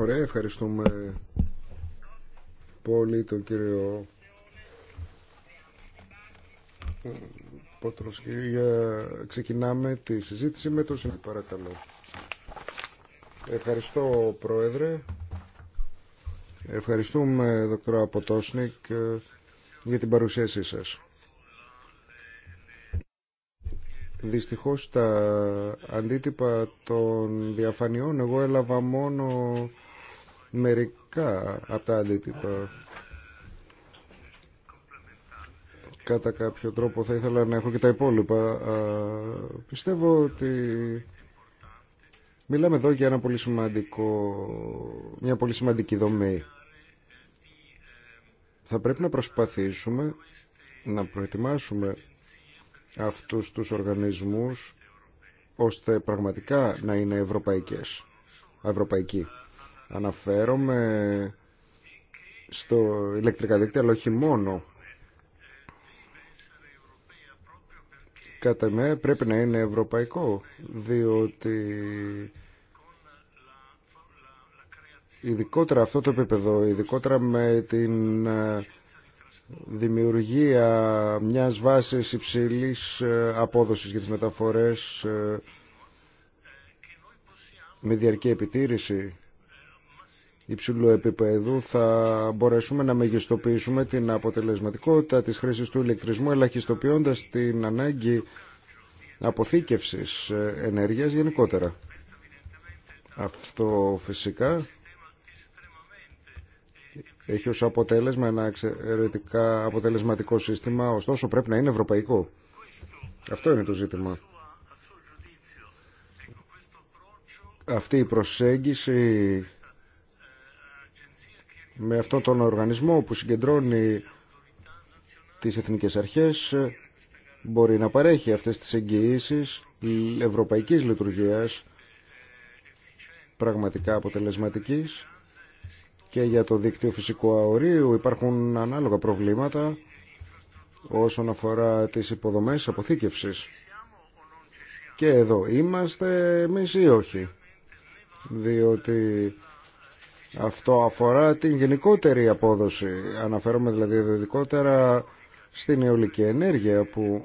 Speaker 1: Ωραία, ευχαριστούμε πολύ τον κύριο ε, Ποτροσκή. Ξεκινάμε τη συζήτηση με τον συνεπαρακαλώ. παρακαλώ. Ευχαριστώ, Πρόεδρε. Ευχαριστούμε, Δ. Αποτόσνικ, για την παρουσίασή σας. Δυστυχώς τα αντίτυπα των διαφανειών εγώ έλαβα μόνο μερικά από τα αντίτυπα. Κατά κάποιο τρόπο θα ήθελα να έχω και τα υπόλοιπα. Πιστεύω ότι μιλάμε εδώ για ένα πολύ σημαντικό, μια πολύ σημαντική δομή θα πρέπει να προσπαθήσουμε να προετοιμάσουμε αυτούς τους οργανισμούς ώστε πραγματικά να είναι ευρωπαϊκές, ευρωπαϊκοί. Αναφέρομαι στο ηλεκτρικά δίκτυα, αλλά όχι μόνο. Κατά μέρα πρέπει να είναι ευρωπαϊκό, διότι ειδικότερα αυτό το επίπεδο, ειδικότερα με την ε, δημιουργία μιας βάσης υψηλής ε, απόδοσης για τις μεταφορές ε, με διαρκή επιτήρηση υψηλού επίπεδου θα μπορέσουμε να μεγιστοποιήσουμε την αποτελεσματικότητα της χρήσης του ηλεκτρισμού ελαχιστοποιώντας την ανάγκη αποθήκευσης ενέργειας γενικότερα. Αυτό φυσικά έχει ως αποτέλεσμα ένα εξαιρετικά αποτελεσματικό σύστημα, ωστόσο πρέπει να είναι ευρωπαϊκό. Αυτό είναι το ζήτημα. Αυτή η προσέγγιση με αυτόν τον οργανισμό που συγκεντρώνει τις εθνικές αρχές μπορεί να παρέχει αυτές τις εγγυήσει ευρωπαϊκής λειτουργίας πραγματικά αποτελεσματικής και για το δίκτυο φυσικού αορίου υπάρχουν ανάλογα προβλήματα όσον αφορά τις υποδομές αποθήκευσης. Και εδώ είμαστε εμείς ή όχι, διότι αυτό αφορά την γενικότερη απόδοση. Αναφέρομαι δηλαδή ειδικότερα στην αιωλική ενέργεια που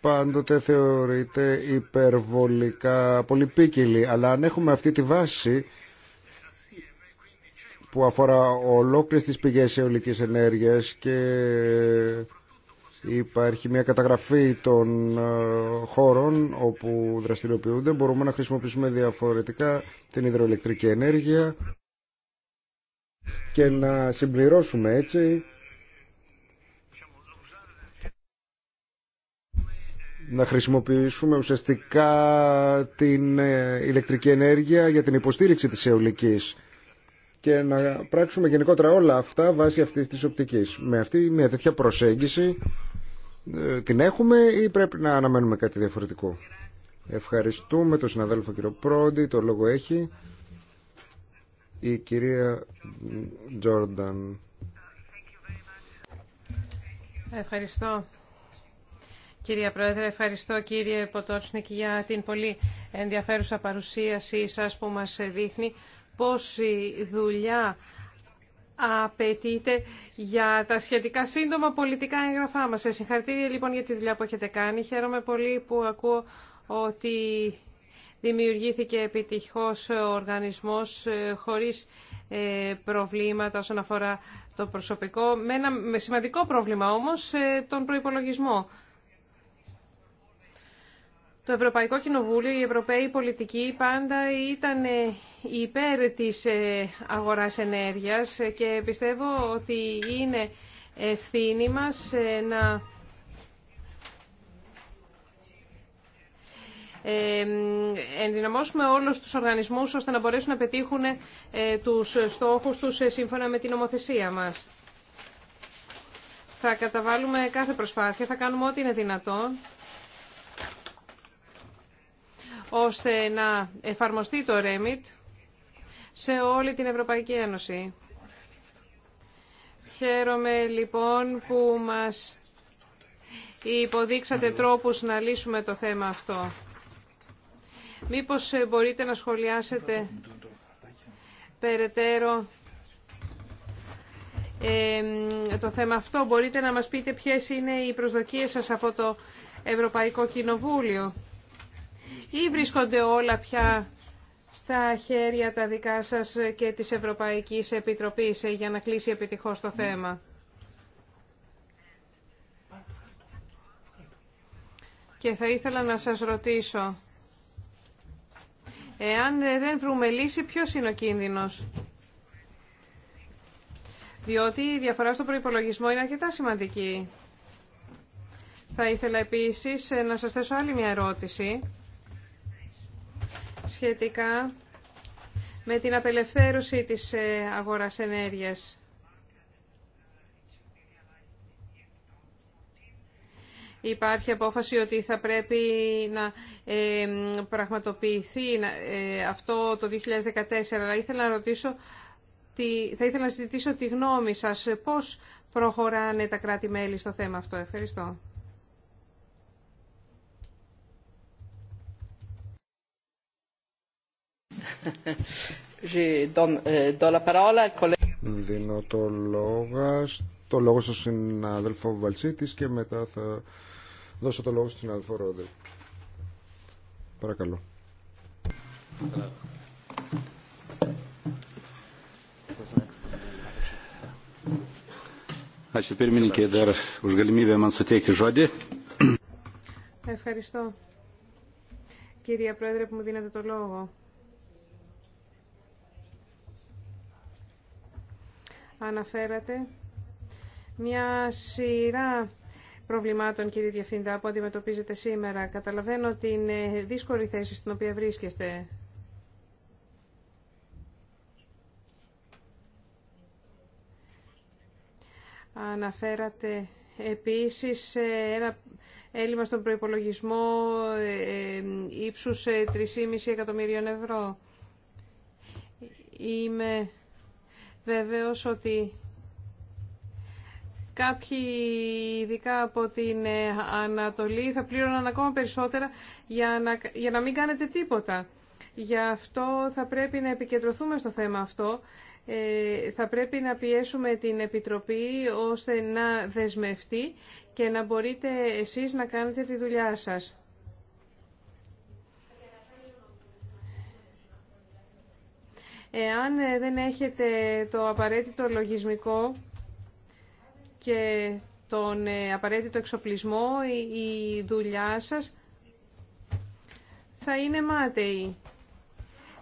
Speaker 1: πάντοτε θεωρείται υπερβολικά πολυπίκυλη. Αλλά αν έχουμε αυτή τη βάση που αφορά ολόκληρες τις πηγές αιωλικής ενέργειας και υπάρχει μια καταγραφή των ε, χώρων όπου δραστηριοποιούνται. Μπορούμε να χρησιμοποιήσουμε διαφορετικά την υδροελεκτρική ενέργεια και να συμπληρώσουμε έτσι να χρησιμοποιήσουμε ουσιαστικά την ε, ηλεκτρική ενέργεια για την υποστήριξη της αιωλικής και να πράξουμε γενικότερα όλα αυτά βάσει αυτής της οπτικής. Με αυτή μια τέτοια προσέγγιση ε, την έχουμε ή πρέπει να αναμένουμε κάτι διαφορετικό. Ευχαριστούμε τον συναδέλφο κύριο Πρόντι, το λόγο έχει η κυρία Τζόρνταν.
Speaker 2: Ευχαριστώ. Κυρία Πρόεδρε, ευχαριστώ κύριε κυριε ποτορσνικ για την πολύ ενδιαφέρουσα παρουσίασή σας που μας δείχνει πόση δουλειά απαιτείται για τα σχετικά σύντομα πολιτικά έγγραφά μας. Σε συγχαρητήρια λοιπόν για τη δουλειά που έχετε κάνει. Χαίρομαι πολύ που ακούω ότι δημιουργήθηκε επιτυχώς ο οργανισμός ε, χωρίς ε, προβλήματα όσον αφορά το προσωπικό. Με, ένα, σημαντικό πρόβλημα όμως ε, τον προϋπολογισμό. Το Ευρωπαϊκό Κοινοβούλιο, οι Ευρωπαίοι πολιτικοί πάντα ήταν ε, υπέρ της ε, αγοράς ενέργειας και πιστεύω ότι είναι ευθύνη μας ε, να ενδυναμώσουμε όλους τους οργανισμούς ώστε να μπορέσουν να πετύχουν τους στόχους τους σύμφωνα με την νομοθεσία μας. Θα καταβάλουμε κάθε προσπάθεια, θα κάνουμε ό,τι είναι δυνατόν ώστε να εφαρμοστεί το REMIT σε όλη την Ευρωπαϊκή Ένωση. Χαίρομαι λοιπόν που μας υποδείξατε τρόπους να λύσουμε το θέμα αυτό. Μήπως ε, μπορείτε να σχολιάσετε περαιτέρω το θέμα αυτό. Μπορείτε να μας πείτε ποιες είναι οι προσδοκίες σας από το Ευρωπαϊκό Κοινοβούλιο ή βρίσκονται όλα πια στα χέρια τα δικά σας και της Ευρωπαϊκής Επιτροπής ε, για να κλείσει επιτυχώς το θέμα. Και θα ήθελα να σας ρωτήσω, εάν δεν βρούμε λύση, ποιος είναι ο κίνδυνος. Διότι η διαφορά στο προϋπολογισμό είναι αρκετά σημαντική. Θα ήθελα επίσης ε, να σας θέσω άλλη μια ερώτηση σχετικά με την απελευθέρωση της ε, αγοράς ενέργειας. Υπάρχει απόφαση ότι θα πρέπει να ε, πραγματοποιηθεί ε, αυτό το 2014, αλλά ήθελα να ρωτήσω, τι, θα ήθελα να ζητήσω τη γνώμη σας, πώς προχωράνε τα κράτη-μέλη στο θέμα αυτό. Ευχαριστώ. Euh,
Speaker 1: Δίνω το λόγο, το λόγο στον συνάδελφο Βαλσίτης και μετά θα δώσω το λόγο στον συνάδελφο Ρόδε. Παρακαλώ.
Speaker 2: Ευχαριστώ, Κυρία Πρόεδρε, που μου δίνετε το λόγο. αναφέρατε μια σειρά προβλημάτων, κύριε Διευθύντα, που αντιμετωπίζετε σήμερα. Καταλαβαίνω την δύσκολη θέση στην οποία βρίσκεστε. Αναφέρατε επίσης ε, ένα έλλειμμα στον προϋπολογισμό ε, ε, ύψους 3,5 εκατομμυρίων ευρώ. Είμαι Βεβαίως ότι κάποιοι ειδικά από την ε, Ανατολή θα πλήρωναν ακόμα περισσότερα για να, για να μην κάνετε τίποτα. Γι' αυτό θα πρέπει να επικεντρωθούμε στο θέμα αυτό. Ε, θα πρέπει να πιέσουμε την Επιτροπή ώστε να δεσμευτεί και να μπορείτε εσείς να κάνετε τη δουλειά σας. Εάν ε, δεν έχετε το απαραίτητο λογισμικό και τον ε, απαραίτητο εξοπλισμό, η δουλειά σας θα είναι μάταιη.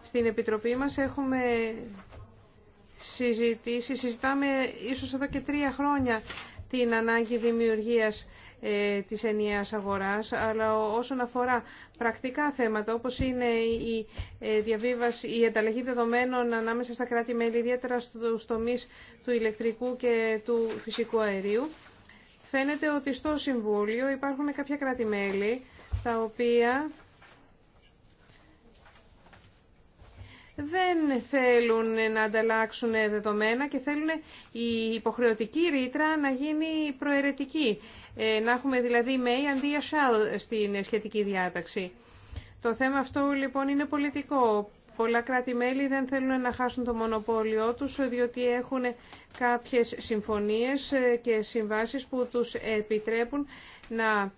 Speaker 2: Στην Επιτροπή μας έχουμε συζητήσει, συζητάμε ίσως εδώ και τρία χρόνια την ανάγκη δημιουργίας ε, της ενιαίας αγοράς, αλλά όσον αφορά πρακτικά θέματα, όπως είναι η, ε, διαβίβαση, η ανταλλαγή δεδομένων ανάμεσα στα κράτη-μέλη, ιδιαίτερα στους τομείς του ηλεκτρικού και του φυσικού αερίου, φαίνεται ότι στο Συμβούλιο υπάρχουν κάποια κράτη-μέλη, τα οποία δεν θέλουν να ανταλλάξουν δεδομένα και θέλουν η υποχρεωτική ρήτρα να γίνει προαιρετική. Ε, να έχουμε δηλαδή may αντί για shall στην σχετική διάταξη. Το θέμα αυτό λοιπόν είναι πολιτικό. Πολλά κράτη-μέλη δεν θέλουν να χάσουν το μονοπόλιο τους, διότι έχουν κάποιες συμφωνίες ε, και συμβάσεις που τους επιτρέπουν να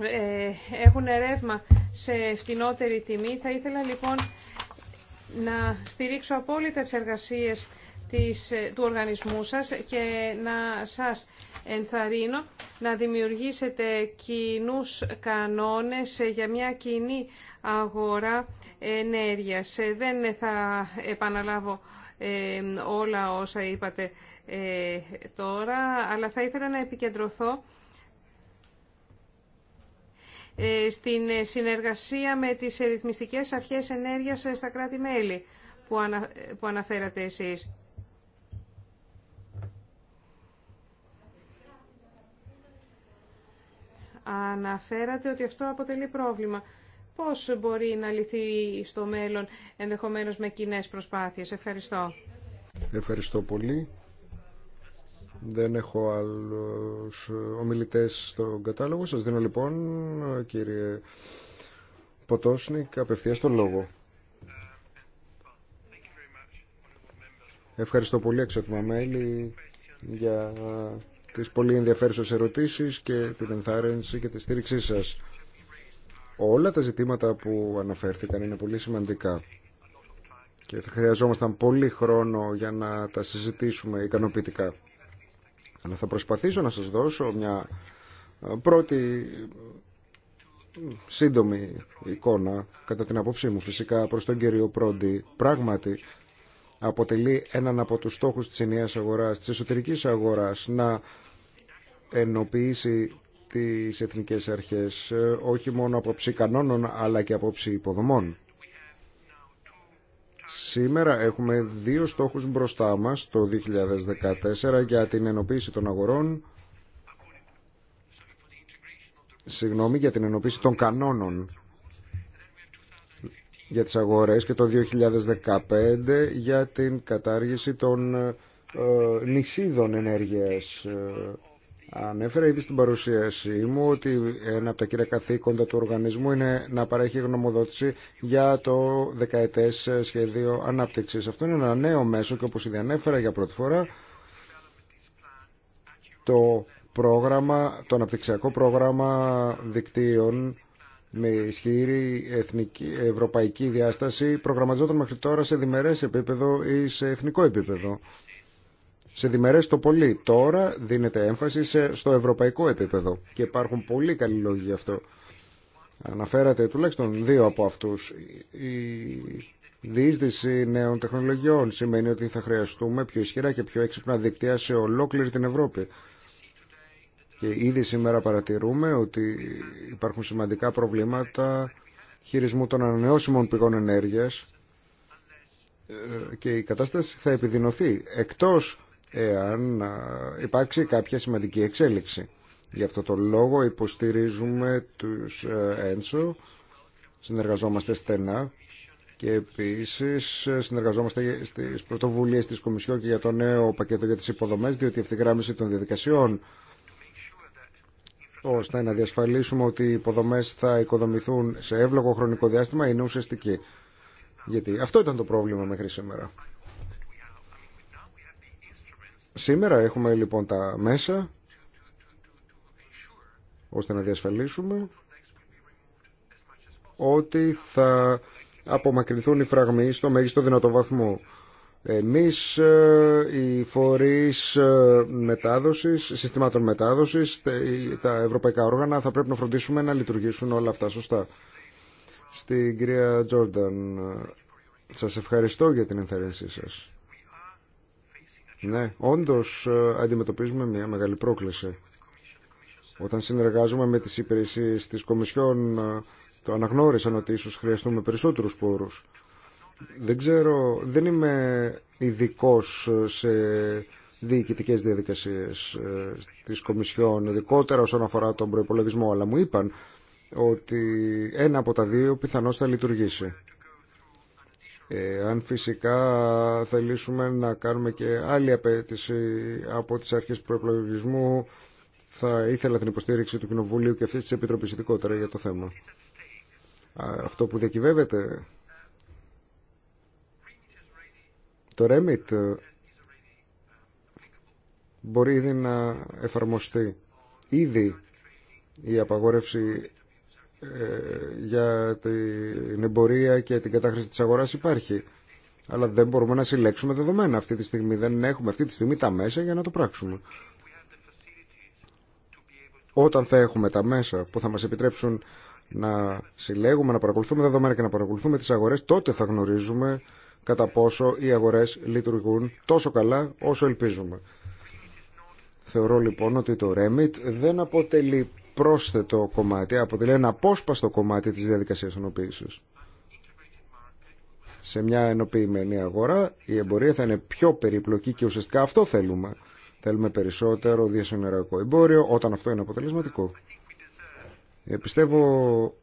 Speaker 2: ε, έχουν ρεύμα σε φτηνότερη τιμή. Θα ήθελα λοιπόν να στηρίξω απόλυτα τις εργασίες ε, του οργανισμού σας και να σας ενθαρρύνω να δημιουργήσετε κοινούς κανόνες για μια κοινή αγορά ενέργειας. Ε, δεν θα επαναλάβω ε, όλα όσα είπατε τώρα, αλλά θα ήθελα να επικεντρωθώ στην συνεργασία με τις ρυθμιστικές αρχές ενέργειας στα κράτη-μέλη που αναφέρατε εσείς. αναφέρατε ότι αυτό αποτελεί πρόβλημα. Πώς μπορεί να λυθεί στο μέλλον ενδεχομένως με κοινέ προσπάθειες. Ευχαριστώ.
Speaker 1: Ευχαριστώ πολύ. Δεν έχω άλλους ομιλητές στο κατάλογο. Σας δίνω λοιπόν, κύριε Ποτόσνικ, απευθείας τον λόγο. Ευχαριστώ πολύ, εξωτήμα μέλη, για τις πολύ ενδιαφέρουσες ερωτήσεις και την ενθάρρυνση και τη στήριξή σας. Όλα τα ζητήματα που αναφέρθηκαν είναι πολύ σημαντικά και θα χρειαζόμασταν πολύ χρόνο για να τα συζητήσουμε ικανοποιητικά. Αλλά θα προσπαθήσω να σας δώσω μια ε, πρώτη σύντομη εικόνα, κατά την απόψή μου φυσικά, προς τον κύριο Πρόντι. Πράγματι, αποτελεί έναν από τους στόχους της ενιαίας αγοράς, της εσωτερικής αγοράς, να ενοποιήσει τις εθνικές αρχές ε, όχι μόνο απόψη κανόνων αλλά και απόψη υποδομών. Σήμερα έχουμε δύο στόχους μπροστά μας το 2014 για την ενοποίηση των αγορών συγγνώμη για την ενοποίηση των κανόνων για τις αγορές και το 2015 για την κατάργηση των ε, νησίδων ενέργειας Ανέφερα ήδη στην παρουσίασή μου ότι ένα από τα κύρια καθήκοντα του οργανισμού είναι να παρέχει γνωμοδότηση για το δεκαετές σχέδιο ανάπτυξης. Αυτό είναι ένα νέο μέσο και όπως ήδη ανέφερα για πρώτη φορά το πρόγραμμα, το αναπτυξιακό πρόγραμμα δικτύων με ισχυρή εθνική, ευρωπαϊκή διάσταση προγραμματιζόταν μέχρι τώρα σε διμερές επίπεδο ή σε εθνικό επίπεδο σε διμερές το πολύ. Τώρα δίνεται έμφαση στο ευρωπαϊκό επίπεδο και υπάρχουν πολύ καλοί λόγοι γι' αυτό. Αναφέρατε τουλάχιστον δύο από αυτούς. Η διείσδυση νέων τεχνολογιών σημαίνει ότι θα χρειαστούμε πιο ισχυρά και πιο έξυπνα δικτύα σε ολόκληρη την Ευρώπη. Και ήδη σήμερα παρατηρούμε ότι υπάρχουν σημαντικά προβλήματα χειρισμού των ανανεώσιμων πηγών ενέργειας ε, και η κατάσταση θα επιδεινωθεί εκτός εάν υπάρξει κάποια σημαντική εξέλιξη. Γι' αυτό το λόγο υποστηρίζουμε τους ε, ένσω, συνεργαζόμαστε στενά και επίσης ε, συνεργαζόμαστε στις πρωτοβουλίες της Κομισιόν και για το νέο πακέτο για τις υποδομές, διότι η ευθυγράμμιση των διαδικασιών ώστε να διασφαλίσουμε ότι οι υποδομές θα οικοδομηθούν σε εύλογο χρονικό διάστημα είναι ουσιαστική. Γιατί αυτό ήταν το πρόβλημα μέχρι σήμερα. Σήμερα έχουμε λοιπόν τα μέσα ώστε να διασφαλίσουμε ότι θα απομακρυνθούν οι φραγμοί στο μέγιστο δυνατό βαθμό. Εμείς ε, οι φορείς ε, μετάδοσης, συστημάτων μετάδοσης, τα ευρωπαϊκά όργανα θα πρέπει να φροντίσουμε να λειτουργήσουν όλα αυτά σωστά. Στην κυρία Τζόρνταν, ε, σας ευχαριστώ για την ενθαρρύνσή σας. Ναι, όντως ε, αντιμετωπίζουμε μια μεγάλη πρόκληση. Όταν συνεργάζομαι με τις υπηρεσίες της Κομισιόν, ε, το αναγνώρισαν ότι ίσως χρειαστούμε περισσότερους πόρους. Δεν ξέρω, δεν είμαι ειδικό ε, σε διοικητικές διαδικασίες της Κομισιόν, ειδικότερα όσον αφορά τον προϋπολογισμό, αλλά μου είπαν ότι ένα από τα δύο πιθανώς θα λειτουργήσει. Ε, αν φυσικά θελήσουμε να κάνουμε και άλλη απέτηση από τις αρχές προεπλογισμού θα ήθελα την υποστήριξη του Κοινοβουλίου και αυτής της Επιτροπής ειδικότερα για το θέμα. Αυτό που διακυβεύεται το REMIT ε, μπορεί ήδη να εφαρμοστεί. Ήδη η απαγόρευση ε, για την εμπορία και την κατάχρηση της αγοράς υπάρχει. Αλλά δεν μπορούμε να συλλέξουμε δεδομένα αυτή τη στιγμή. Δεν έχουμε αυτή τη στιγμή τα μέσα για να το πράξουμε. Όταν θα έχουμε τα μέσα που θα μας επιτρέψουν να συλλέγουμε, να παρακολουθούμε δεδομένα και να παρακολουθούμε τις αγορές, τότε θα γνωρίζουμε κατά πόσο οι αγορές λειτουργούν τόσο καλά όσο ελπίζουμε. Θεωρώ λοιπόν ότι το REMIT δεν αποτελεί πρόσθετο κομμάτι, αποτελεί ένα απόσπαστο κομμάτι της διαδικασίας ενοποίησης. Σε μια ενοποιημένη αγορά η εμπορία θα είναι πιο περιπλοκή και ουσιαστικά αυτό θέλουμε. Θέλουμε περισσότερο διασυνοριακό εμπόριο όταν αυτό είναι αποτελεσματικό. Επιστεύω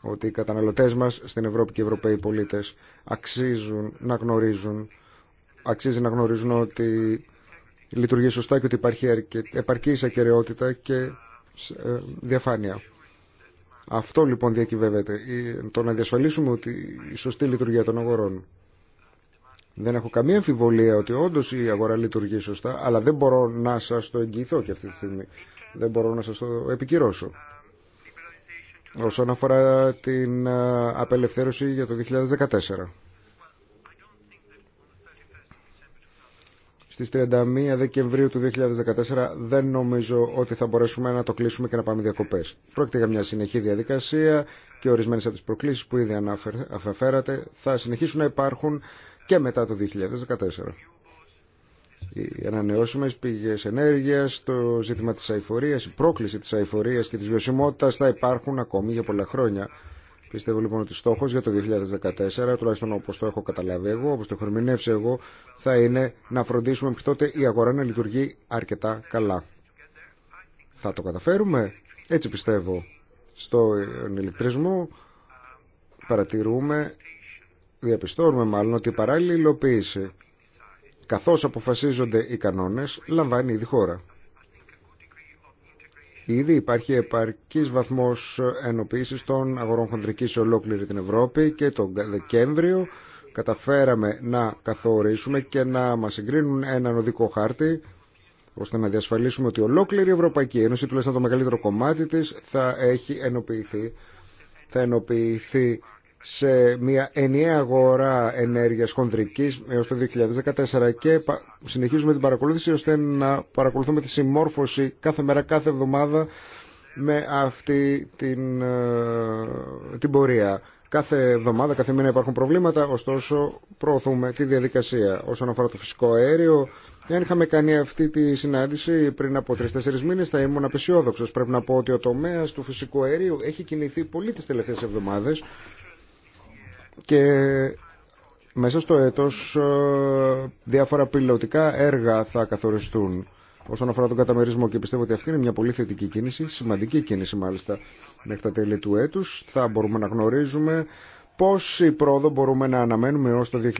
Speaker 1: ότι οι καταναλωτές μας στην Ευρώπη και οι Ευρωπαίοι πολίτες αξίζουν να γνωρίζουν, αξίζει να γνωρίζουν ότι λειτουργεί σωστά και ότι υπάρχει επαρκή ακαιρεότητα και ε, διαφάνεια. Αυτό λοιπόν διακυβεύεται. Το να διασφαλίσουμε ότι η σωστή λειτουργία των αγορών. Δεν έχω καμία αμφιβολία ότι όντω η αγορά λειτουργεί σωστά, αλλά δεν μπορώ να σα το εγγυηθώ και αυτή τη στιγμή. Δεν μπορώ να σα το επικυρώσω. Όσον αφορά την ε, απελευθέρωση για το 2014. στις 31 Δεκεμβρίου του 2014 δεν νομίζω ότι θα μπορέσουμε να το κλείσουμε και να πάμε διακοπές. Πρόκειται για μια συνεχή διαδικασία και ορισμένες από τις προκλήσεις που ήδη αναφέρατε θα συνεχίσουν να υπάρχουν και μετά το 2014. Οι ανανεώσιμε πηγές ενέργειας, το ζήτημα της αηφορία, η πρόκληση της αηφορίας και τη βιωσιμότητα θα υπάρχουν ακόμη για πολλά χρόνια. Πιστεύω λοιπόν ότι στόχο για το 2014, τουλάχιστον όπω το έχω καταλάβει εγώ, όπω το έχω ερμηνεύσει εγώ, θα είναι να φροντίσουμε μέχρι τότε η αγορά να λειτουργεί αρκετά καλά. Θα το καταφέρουμε, έτσι πιστεύω. Στον ηλεκτρισμό παρατηρούμε, διαπιστώνουμε μάλλον ότι η παράλληλη υλοποίηση, καθώς αποφασίζονται οι κανόνε, λαμβάνει ήδη χώρα. Ήδη υπάρχει επαρκής βαθμός ενοποίηση των αγορών χοντρική σε ολόκληρη την Ευρώπη και τον Δεκέμβριο καταφέραμε να καθορίσουμε και να μας συγκρίνουν έναν οδικό χάρτη ώστε να διασφαλίσουμε ότι ολόκληρη η Ευρωπαϊκή Ένωση, τουλάχιστον το μεγαλύτερο κομμάτι της, θα έχει ενοποιηθεί, θα ενοποιηθεί σε μια ενιαία αγορά ενέργειας χονδρικής έως το 2014 και συνεχίζουμε την παρακολούθηση ώστε να παρακολουθούμε τη συμμόρφωση κάθε μέρα, κάθε εβδομάδα με αυτή την, ε, την πορεία. Κάθε εβδομάδα, κάθε μήνα υπάρχουν προβλήματα, ωστόσο προωθούμε τη διαδικασία. Όσον αφορά το φυσικό αέριο, αν είχαμε κάνει αυτή τη συνάντηση πριν από τρει-τέσσερι μήνε, θα ήμουν απεσιόδοξο. Πρέπει να πω ότι ο τομέα του φυσικού αερίου έχει κινηθεί πολύ τι τελευταίε εβδομάδε και μέσα στο έτος ε, διάφορα πιλωτικά έργα θα καθοριστούν όσον αφορά τον καταμερισμό και πιστεύω ότι αυτή είναι μια πολύ θετική κίνηση, σημαντική κίνηση μάλιστα μέχρι τα τέλη του έτους. Θα μπορούμε να γνωρίζουμε η πρόοδο μπορούμε να αναμένουμε ως το 2014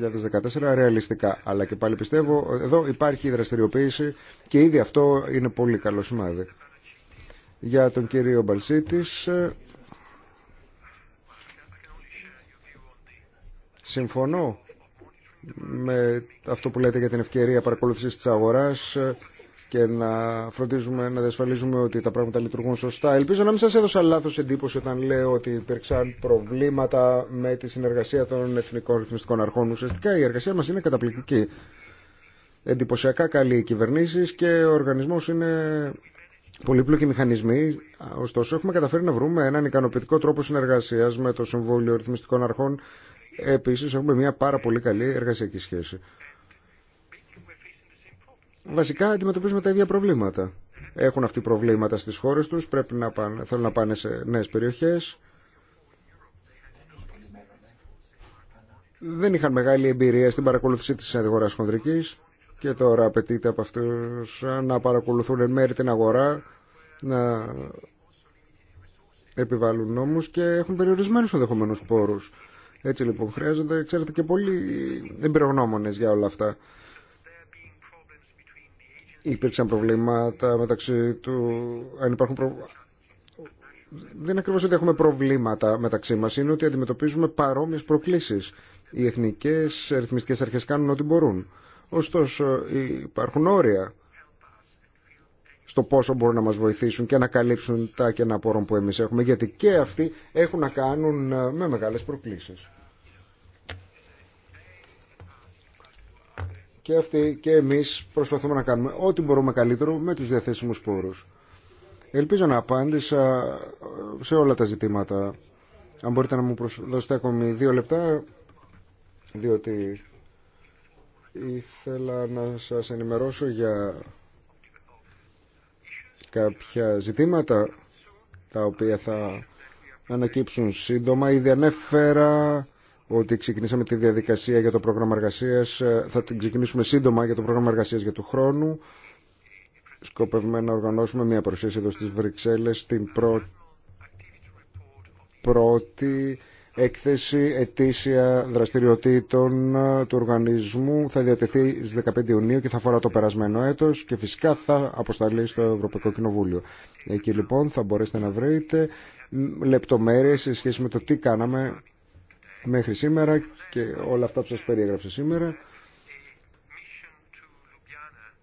Speaker 1: ρεαλιστικά. Αλλά και πάλι πιστεύω εδώ υπάρχει η δραστηριοποίηση και ήδη αυτό είναι πολύ καλό σημάδι. Για τον κύριο Μπαλσίτης Συμφωνώ με αυτό που λέτε για την ευκαιρία παρακολουθήσης της αγοράς και να φροντίζουμε να διασφαλίζουμε ότι τα πράγματα λειτουργούν σωστά. Ελπίζω να μην σας έδωσα λάθος εντύπωση όταν λέω ότι υπήρξαν προβλήματα με τη συνεργασία των εθνικών ρυθμιστικών αρχών. Ουσιαστικά η εργασία μας είναι καταπληκτική. Εντυπωσιακά καλή οι κυβερνήσεις και ο οργανισμός είναι πολύπλοκοι μηχανισμοί. Ωστόσο, έχουμε καταφέρει να βρούμε έναν ικανοποιητικό τρόπο συνεργασία με το Συμβούλιο Ρυθμιστικών Αρχών Επίσης έχουμε μια πάρα πολύ καλή εργασιακή σχέση. Βασικά αντιμετωπίζουμε τα ίδια προβλήματα. Έχουν αυτοί προβλήματα στις χώρες τους, πρέπει να πάνε, θέλουν να πάνε σε νέε περιοχές. Δεν είχαν μεγάλη εμπειρία στην παρακολουθήση της αγορά χονδρική και τώρα απαιτείται από αυτού να παρακολουθούν εν μέρη την αγορά, να επιβάλλουν νόμους και έχουν περιορισμένους ενδεχομένου πόρους. Έτσι λοιπόν χρειάζονται, ξέρετε, και πολλοί εμπειρογνώμονες για όλα αυτά. Υπήρξαν προβλήματα μεταξύ του... Αν υπάρχουν προ... Δεν είναι ακριβώς ότι έχουμε προβλήματα μεταξύ μας, είναι ότι αντιμετωπίζουμε παρόμοιες προκλήσεις. Οι εθνικές ρυθμιστικές αρχές κάνουν ό,τι μπορούν. Ωστόσο υπάρχουν όρια στο πόσο μπορούν να μας βοηθήσουν και να καλύψουν τα κενά πόρων που εμείς έχουμε, γιατί και αυτοί έχουν να κάνουν με μεγάλες προκλήσεις. και αυτοί και εμείς προσπαθούμε να κάνουμε ό,τι μπορούμε καλύτερο με τους διαθέσιμους πόρους. Ελπίζω να απάντησα ε, σε όλα τα ζητήματα. Αν μπορείτε να μου δώσετε ακόμη δύο λεπτά, διότι ήθελα να σας ενημερώσω για κάποια ζητήματα τα οποία θα ανακύψουν σύντομα. Ήδη ανέφερα ότι ξεκινήσαμε τη διαδικασία για το πρόγραμμα εργασία. Ε, θα την ξεκινήσουμε σύντομα για το πρόγραμμα εργασία για του χρόνου. Σκοπεύουμε να οργανώσουμε μια προσέγγιση εδώ στι Βρυξέλλες, την πρώτη έκθεση ετήσια δραστηριοτήτων ε, του οργανισμού. Θα διατεθεί στις 15 Ιουνίου και θα αφορά το περασμένο έτος και φυσικά θα αποσταλεί στο Ευρωπαϊκό Κοινοβούλιο. Εκεί λοιπόν θα μπορέσετε να βρείτε λεπτομέρειες σε σχέση με το τι κάναμε μέχρι σήμερα και όλα αυτά που σας περιέγραψα σήμερα.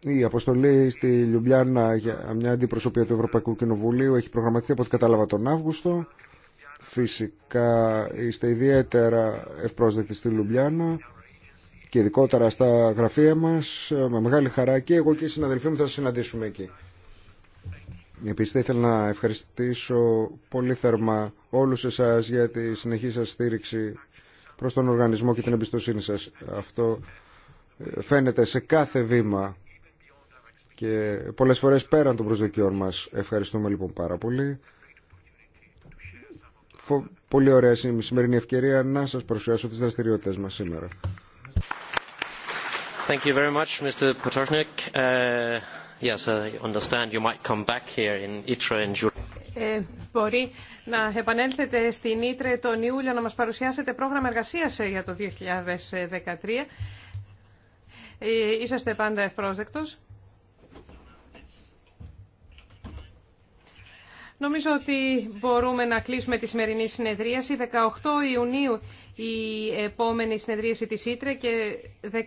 Speaker 1: Η αποστολή στη Λιουμπιάννα για μια αντιπροσωπεία του Ευρωπαϊκού Κοινοβουλίου έχει προγραμματιστεί από ό,τι κατάλαβα τον Αύγουστο. Φυσικά είστε ιδιαίτερα ευπρόσδεκτοι στη Λιουμπιάννα και ειδικότερα στα γραφεία μας. Με μεγάλη χαρά και εγώ και οι συναδελφοί μου θα σας συναντήσουμε εκεί. Επίσης θα ήθελα να ευχαριστήσω πολύ θερμά όλους εσάς για τη συνεχή σας στήριξη προς τον οργανισμό και την εμπιστοσύνη σας. Αυτό ε, φαίνεται σε κάθε βήμα και πολλές φορές πέραν των προσδοκιών μας. Ευχαριστούμε λοιπόν πάρα πολύ. Πολύ ωραία η σημερινή ευκαιρία να σας παρουσιάσω τις δραστηριότητες μας σήμερα. Thank you very much, Mr. Uh, yes, I understand you might come back here in ITRA
Speaker 2: ε, μπορεί να επανέλθετε στην Ήτρε τον Ιούλιο να μας παρουσιάσετε πρόγραμμα εργασίας ε, για το 2013. Ε, είσαστε πάντα ευπρόσδεκτος. Νομίζω ότι μπορούμε να κλείσουμε τη σημερινή συνεδρίαση. 18 Ιουνίου η επόμενη συνεδρίαση της Ήτρε και 19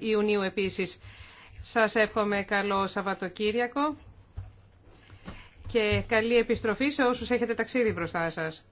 Speaker 2: Ιουνίου επίσης. Σας εύχομαι καλό Σαββατοκύριακο και καλή επιστροφή σε όσους έχετε ταξίδι μπροστά σας.